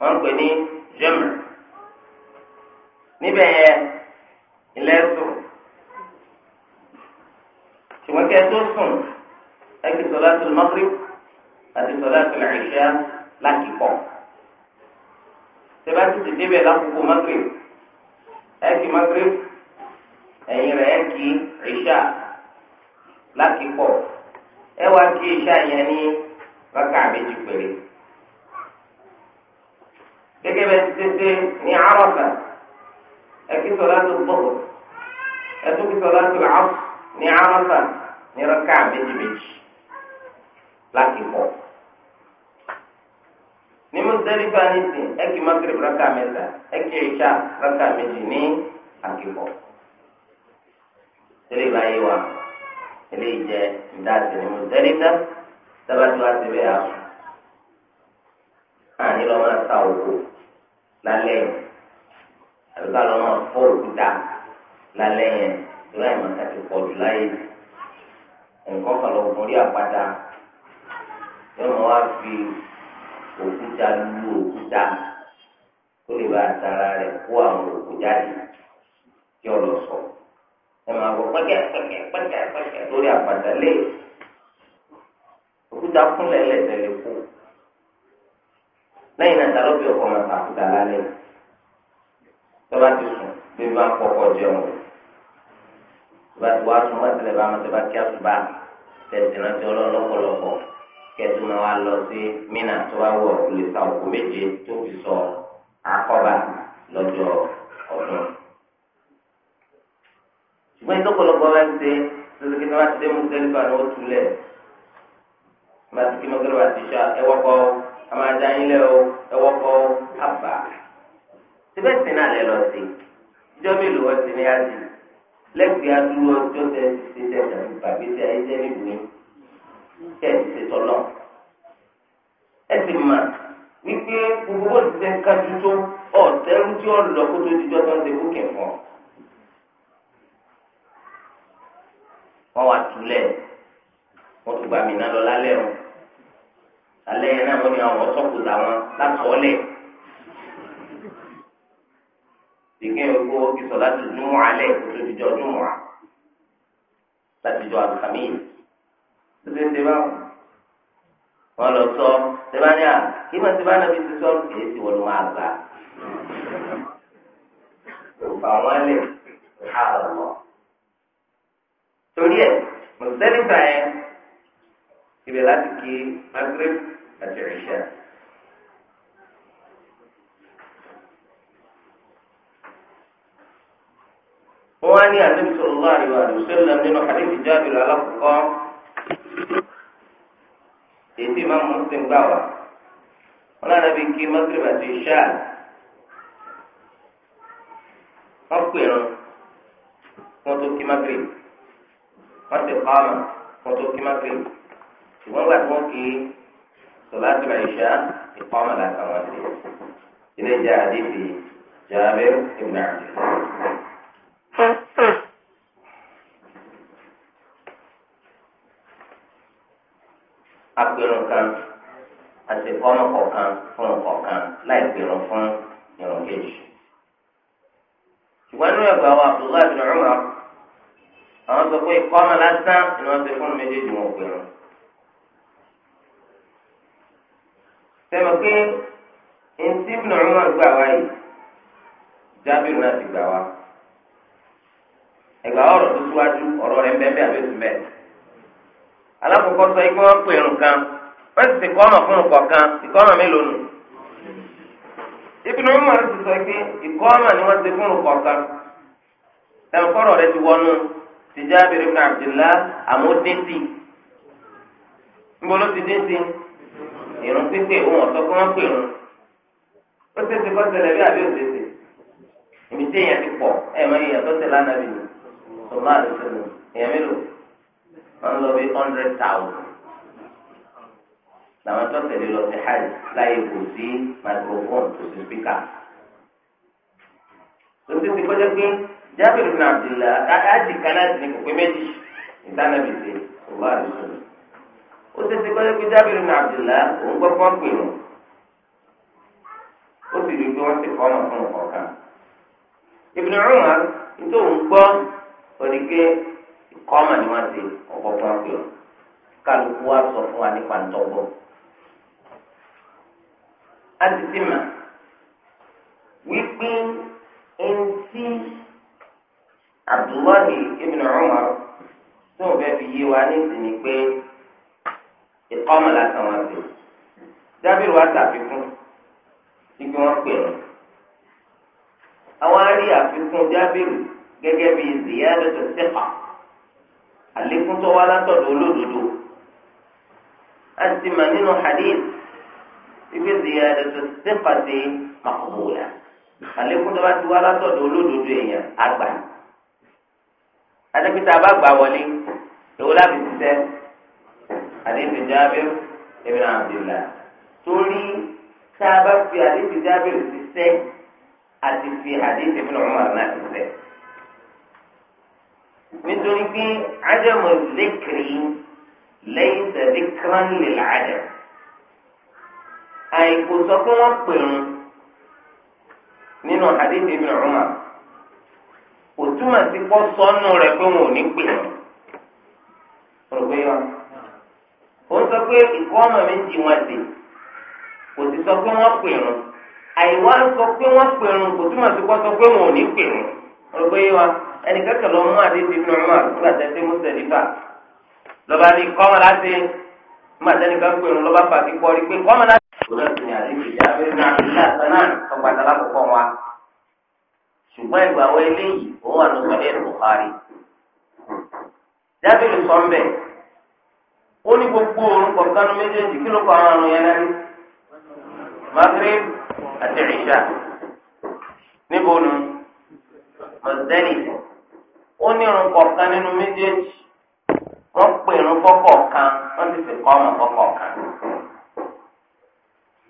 wọ́n pè ní jẹ́mù níbẹ̀ yẹn ilẹ̀ sùn ṣùgbọ́n kẹ́ ẹ tó sùn ẹ kí sọlátul Maghrib àti sọlátul Isha lákìkọ̀ tẹ́lá ti ti débẹ̀ lákòókò Maghrib ẹ kí Maghrib ẹ̀yìn rẹ̀ ẹ kí Isha lákìkọ̀ ẹ wá kí Isha yẹn ní rákà méjì péré gẹ́gẹ́ bẹ́ẹ̀ ti tètè ní Arafa ẹ kí sọlátul Dhuhr ẹ tún kí sọlátul Asr ní Arafa ní rákà méjì méjì láti pọ̀. ní mùsùlùmí nìsín ẹ̀kì magrib rákà mẹ́ta ẹ̀kì ìṣá rákà méjì ní àkìpọ̀. tẹ́lẹ̀ báyìí wa tẹ́lẹ̀ jẹ́ ìdáàtì ní mùsùlùmí náà sábàtì wá síbẹ̀ yà sùn. àní lọ́ máa ta òkú lálẹ́ yìí àbíká lọ́ máa fọ́ lálẹ́ yẹn ìrọ̀ àìmọ̀ká ti pọ̀ láyé ẹ̀kọ́ kan lọ gun rí àpáta yọmọ wá fi òkúta lu òkúta tó lè bá tara rẹ̀ kó àwọn òkúta dì kí ọ lọ sọ ẹ máa bọ pẹkẹ pẹkẹ pẹkẹ pẹkẹ lórí àpáta lé òkúta kúnlẹ̀ lẹ́sẹ̀ lè kú lẹ́yìn náà talọ́ bí ọkọ̀ máa ta òkúta lálẹ́ tọ́ba ti sùn bí wọ́n á kọ́kọ́ jẹun bá ti wá sùn mọ́tẹ́lẹ̀ bá mọ́tẹ́ bá kí àtúbà tẹ̀sí rántí ọlọ́run lọ́pọ̀lọpọ̀ kẹtù máa wá lọ sí mínà tó bá wọ̀ lè sa òkú méje tó fi sọ àkọ́bà lọ́jọ́ ọdún. ṣùgbọ́n ìtọ́pọ̀lọpọ̀ bá ń ṣe lọ́sọ̀kí ni wọ́n ti dé mọ́tẹ́lẹ̀ bá lọ́wọ́ túlẹ̀ bá ti kí mọ́tẹ́lẹ̀ bá ti ṣá ẹwọ́kọ́ amadanyilẹ o ẹwọkọ aba síbẹ̀ sí náà lẹ lọ sí ìjọba ìlú wọn ti ní lẹ́gbẹ̀ẹ́ adúlọ ọjọ́ tẹ ti ṣe tẹ tàbí tẹ ayé tẹ nìbùmí tẹ ti ṣe tọ́lọ̀ ẹ sì mà wípé gbogbo bó ti ṣe ń kájú tó ọ̀tẹ́rú tí ó lọ kó tó dijọ́ tó ń ṣe kókè fún ọ. wọ́n wá túlẹ̀ wọ́n tún gbàmìnà lọ lálẹ́ o alẹ́ yẹn náà wọ́n ní àwọn ọ̀ṣọ́kù làwọn látọ̀ọ́lẹ̀ ìgbẹ́ ogbó ìsọ̀ láti júmọ̀ alẹ́ tó ti jọ júmọ̀ láti jọ àbùkàmí tó ti ń ṣe báwọn wọn lọ sọ tẹbánìà kí wọn tẹbánìà fi ti sọ kìí ti wọn máa gbà òfà wọn lè ha lọ torí ẹ mọ̀sẹ́lẹ́fà ẹ ibẹ̀ láti kí magreth àti ìṣẹ́. wọ́n á ní ànábì sallallahu alaihi wasallam nínú hadithi Jabir alákọ̀ọ́kọ́ èyí máa mú sí gbà wá wọ́n náà nàbí kí mọ́tìrìbà ti ṣá wọ́n pè rán wọ́n tó kí mọ́tìrì wọ́n ti pa ọ̀nà wọ́n tó kí mọ́tìrì ṣùgbọ́n gbà tí wọ́n kì í sọ̀lá ti ṣá ìpa làtàwọn ṣe ilé ìjà àdébì Jabir ibn Abdullah. kọ̀ọ̀kan àti ìkọ́nà kọ̀ọ̀kan fún ọ̀kọ̀ọ̀kan láì pèrò fún ìrùn kejì. ṣùgbọ́n nínú ẹ̀gbà wa Abdullahi bin Umar àwọn sọ pé ìkọ́nà lásán ni wọ́n ti fún méjèèjì wọn pèrò. sẹ́mi pé ntí bin Umar gbà wáyé jábìrì náà ti gbà wá ẹgbà ọ̀rọ̀ tó síwájú ọ̀rọ̀ rẹ̀ ń bẹ́ẹ̀ bẹ́ẹ̀ àbẹ́sùn alákòókò sọ ikú wọn pèrò kan. wọ́n ti sèkọ́ fún kọ̀ọ̀kan ìkọ́ mélòó nù. Ibn Umar ti sọ pé ìkọ́ ni wọ́n ti fún kọ̀ọ̀kan. ẹ̀kọ́rọ̀ rẹ ti wọnú ti Jabir ibn Abdullah àmúdínsì. Nbọ́ló ti dínsì. Ìrún pípé òun ọ̀sọ́ fún wọn pèrún. Ó ti ti kọ́ ṣẹlẹ̀ àbí òṣèṣe. Ìbí tí èèyàn ti pọ̀ ẹ̀ mọ èèyàn tó tẹ̀ lánàá bì ní. Sọ̀rọ̀ làwọn tó tẹ̀lé lọ sí hajj láyé kò sí microphone kò sí speaker. lóṣù tí kọjá pé jábìrì bin abdullahi àti kanáàtì ní kòkó méjì ìdánábì ṣe ọba àdúgbò. ó ṣe ti kọjá pé jábìrì bin abdullahi òun gbọ́kọ́ pè wọ́n. ó sì rí i pé wọ́n ti kọ́ ọmọ fún ọ̀kan. Ibn Umar nítorí òun gbọ́ òdìgé ìkọ́ ọmọ ni wọ́n ti ọ̀pọ̀ fún ọ̀pẹ̀ kálukú wa sọ fún wa nípa ntọ́gbọ́n láti ti mà wípé eŋti Abdullahi ibn Umar tó ń fẹ́ fi yé wa ní ìsìn pé ìkọ́mọ̀ lásán wọn sí dábìrì wa ṣàfikún ibi wọn pè é àwọn arí àfikún jábìrì gẹ́gẹ́ bíi ziyadatu tó sẹ́kà àlékún tó wá látọ̀dọ̀ olódodo a ti mà nínú hadith. ibi ziyadatu thiqati maqbula àlékún tó bá ti wá látọ̀dọ̀ olódodo èèyàn àgbà adékítà bá gbà wọlé èwo láti ṣiṣẹ́ àdébì jábìr ibn Abdullah torí tá bá fi àdébì jábìr ṣiṣẹ́ àti fi àdébì ibn Umar náà ṣiṣẹ́ nítorí pé ádámù zikri laysa zikran lil ádám. àìkò sọ pé pèrún nínú hadith ibn Umar kò túmọ̀ sí kọ́ sọ́nù rẹ̀ pé wọn ò ní pèrún rògbé ó sọ pé ìkọ́ mi ń di wọn kò sì sọ pé wọ́n pèrún àìwá sọ pé wọ́n pèrún kò túmọ̀ sí kọ́ sọ pé wọn ò ní pèrún ẹnì kẹ́kẹ́ lọ mú nígbà lọ́ba ní láti pèrún lọ́ba rí pé lọ́sẹ̀ ní àdéhùn ìjà abẹ́rẹ́ ní àdéhùn àtàn náà tọgbàtà lákòókò wa ṣùgbọ́n ìgbà wo eléyìí ó wà ló sọ̀rọ̀ ẹ̀rọ Bukhari. jábìlì sọ mbẹ ó ní gbogbo orúkọ kánú méjèèjì kí ló kọ àwọn àrùn yẹn náà ní. Maghrib àti Isha níbo nu mọ̀tẹ́lì ó ní irun kọ̀ọ̀kan nínú méjèèjì wọ́n pè irun kọ̀ọ̀kan wọ́n ti fi kọ́ ọmọ kọ̀ọ̀kan.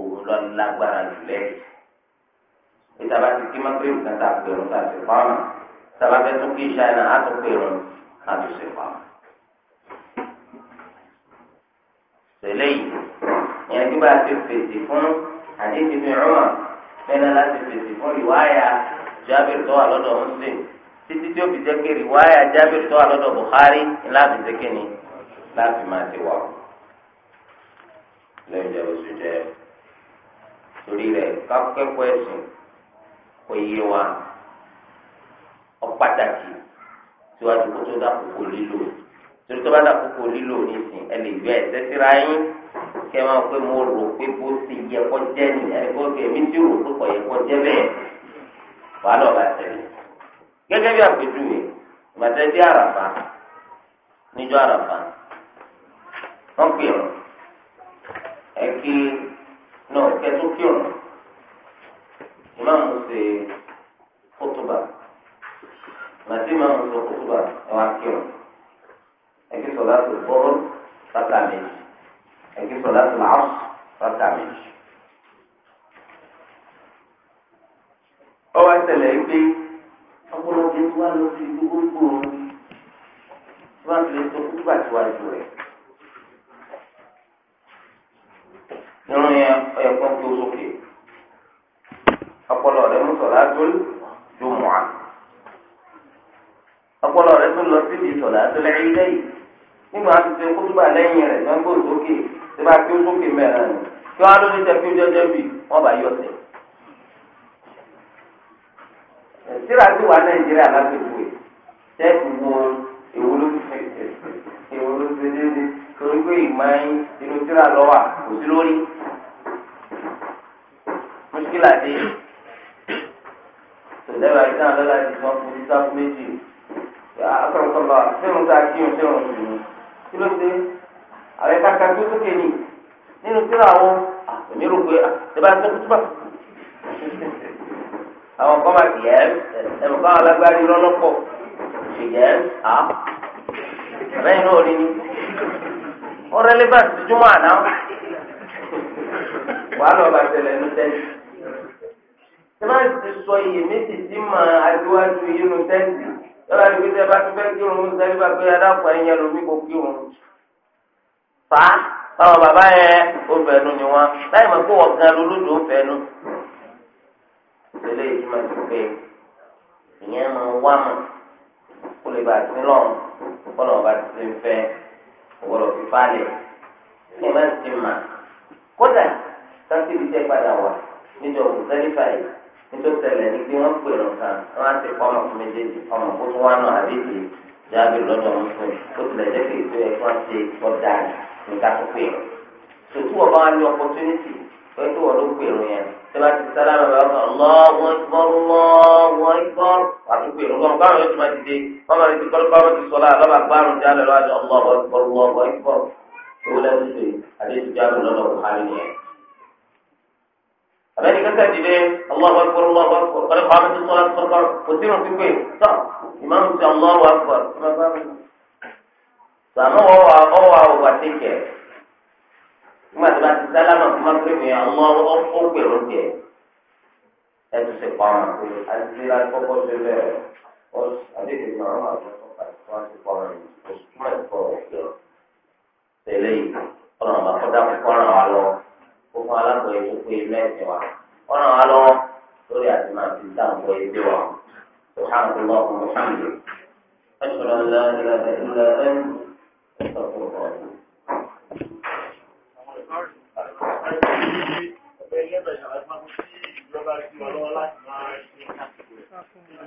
òun lọ lágbára jù lẹ́yìn. ìtàbá ti kí mákìrìbù kan tá a pè wọn tá a sì pa ọ̀nà ìtàbá fẹ́ tún kí iṣẹ́ náà á tún pè wọn tá a tún sì pa tẹ̀lé yìí ìyẹn kí bá fèsì fún àdéhùn ìfẹ́ ọ̀mà fẹ́ẹ́ láti fèsì fún ìwáyà jábìrì tó wà lọ́dọ̀ Muslim títí tí ó fi jẹ́ ìwáyà jábìrì tó wà lọ́dọ̀ Bukhari ńlá fi ni láti máa ti wà lẹ́yìn ìjọba oṣù jẹ́ torí rẹ̀ kákẹ́kọ̀ọ́ ẹ̀sìn kò yé wa ọ̀pàtàkì síwájú kó tó dàkókò lílò torí tó bá dàkókò lílò nísìn ẹ lè yọ ẹsẹ̀ síra yín kẹ máa pé mo rò pé bó ti yẹ kó jẹ nìyẹn kó èmi tí rò pé kò yẹ kó jẹ bẹ́ẹ̀ wàá lọ bá tẹ̀lé gẹ́gẹ́ bí àpèjúwe ìbàtẹ́ dé àràfà níjọ́ àràfà wọ́n pè ọ́ ẹ kí. imam tó ṣe kótóbà màtí imam tó ṣe kótóbà ẹ wá kírun ẹkí sọlá tó bọ́ọ̀lù rákà méjì ẹkí sọlá tó làásù rákà méjì. ọwọ́ ẹsẹ̀lẹ̀ gbé ọ̀pọ̀lọpọ̀ tí wàá lọ sí gbogbo tí wàá fi lè sọ kótóbà tí wàá ju rẹ̀. nínú yẹn ọ̀yẹ̀kọ́ tó sókè. ọpọlọ rẹ mú sọlá tó jùmọ̀ ọpọlọ rẹ tó lọ síbi sọlá tó lẹ́yìn lẹ́yìn nígbà tó ṣe lẹ́yìn rẹ̀ tó ń gbò sókè tí bá ó sókè mẹ́rin kí tẹ kí ó jẹjẹ bì wọ́n bá yọ síra tí wà nàìjíríà ló ti ti dédé torí lẹ́yìn àyíká àlọ́lá ti mọ́ forí sáfù méjì akọ̀rọ̀kọ̀rọ̀ fẹ́ràn tá a kí wọn fẹ́ràn sí ni kí ló dé àwọn ẹ̀ka kan tó sókè ni nínú kíra àwọn ah, èmi rò pé ìbá ah, tó kú túbà àwọn kan máa yẹ ẹ̀mọ̀ kan alágbárí lọ́lọ́pọ̀ ṣe yẹ á ah. àbẹ́yìn náà rí ni ọ̀rẹ́lẹ́bà ti júmọ̀ àná wàá lọ́ọ́ bàtẹ̀lẹ̀ ní tẹ́lẹ̀ tẹ́lá ti sọ iye méjì tí mà adúwájú yínú tẹ́ǹtì lọ́la ní pé tẹ́lá tó fẹ́ kírun ní sẹ́lẹ̀ bá pé adáfọ̀ ẹ̀yẹ lómi kò kírun. fa báwọn bàbá yẹn ó fẹ́nu ni wọn láì mọ̀ pé wọ́n gan lolódò ó fẹ́nu. ìṣẹ̀lẹ̀ yìí máa ti é ìyẹn máa wá mọ̀ kó lè bá a sí lọ́rùn kọ́nà ọba ti ṣe ń fẹ́ ọ̀rọ̀ fífa lẹ̀ kí ẹ má ti mà kódà sáńtì bíi padà wà níjọ́ òkú sẹ́lẹ̀ fàyè nítorí ṣẹlẹ̀ ní pé wọ́n pè nǹkan wọ́n á ti kọ́mọ̀ fún méjèèjì ọmọ kó tó wá náà àbíkì jáde lọ́dọ̀ wọn fún ó tilẹ̀ jẹ́ pé ètò ẹ̀kọ́ ṣe ọ̀dà nǹkan tó pè rùn. sòtú ọba wa ní opportunity pé kí wọ́n ló pè rùn yẹn tí wọ́n ti sálámà bá wọn kàn lọ́wọ́ ìgbọ́rún lọ́wọ́ ìgbọ́rún àti pè rùn lọ́wọ́ báwọn yóò ti máa dìde máa ti kọ́ báwọn ti sọ́lá lọ́ba gbárùn jáde lọ́wọ́ àti ọ̀lọ́wọ́ ìgbọ́rún lọ́wọ́ ìgbọ́rún àbẹ́ni kẹ́kẹ́ dìde Allahu akbar Allahu akbar ọ̀rẹ́ kọ́ àmì tuntun láti sọ́kọ́ kò sí irun pípé tọ́ ìmáàmù ti Allahu akbar sàmú ọwọ́ ọwọ́ ọgbà tẹ̀kẹ̀ nígbà tí wọ́n ti sálámà fún mákìrìmù yẹn Allahu ó pèrò jẹ ẹtù sì pa ọmọ pé àti àkọ́kọ́ ṣe bẹ́ẹ̀ ọ àdéhùn ìmọ̀ ọmọ àkọ́kọ́ àti wọ́n ti pa ọmọ yìí oṣù tó máa ń pọ̀ ọ̀rọ̀ tẹ̀lé yìí ọ̀nà àbàkọ́dá kọ́ràn wa lọ kó fún alágbèé tó pé mẹ́sìn wa wọn náà wá lọ́wọ́ lórí àti máa fi sáǹgbọ́ ẹgbẹ́ wa سبحانك اللهم وبحمدك أشهد أن لا إله إلا أنت أستغفرك وأتوب Thank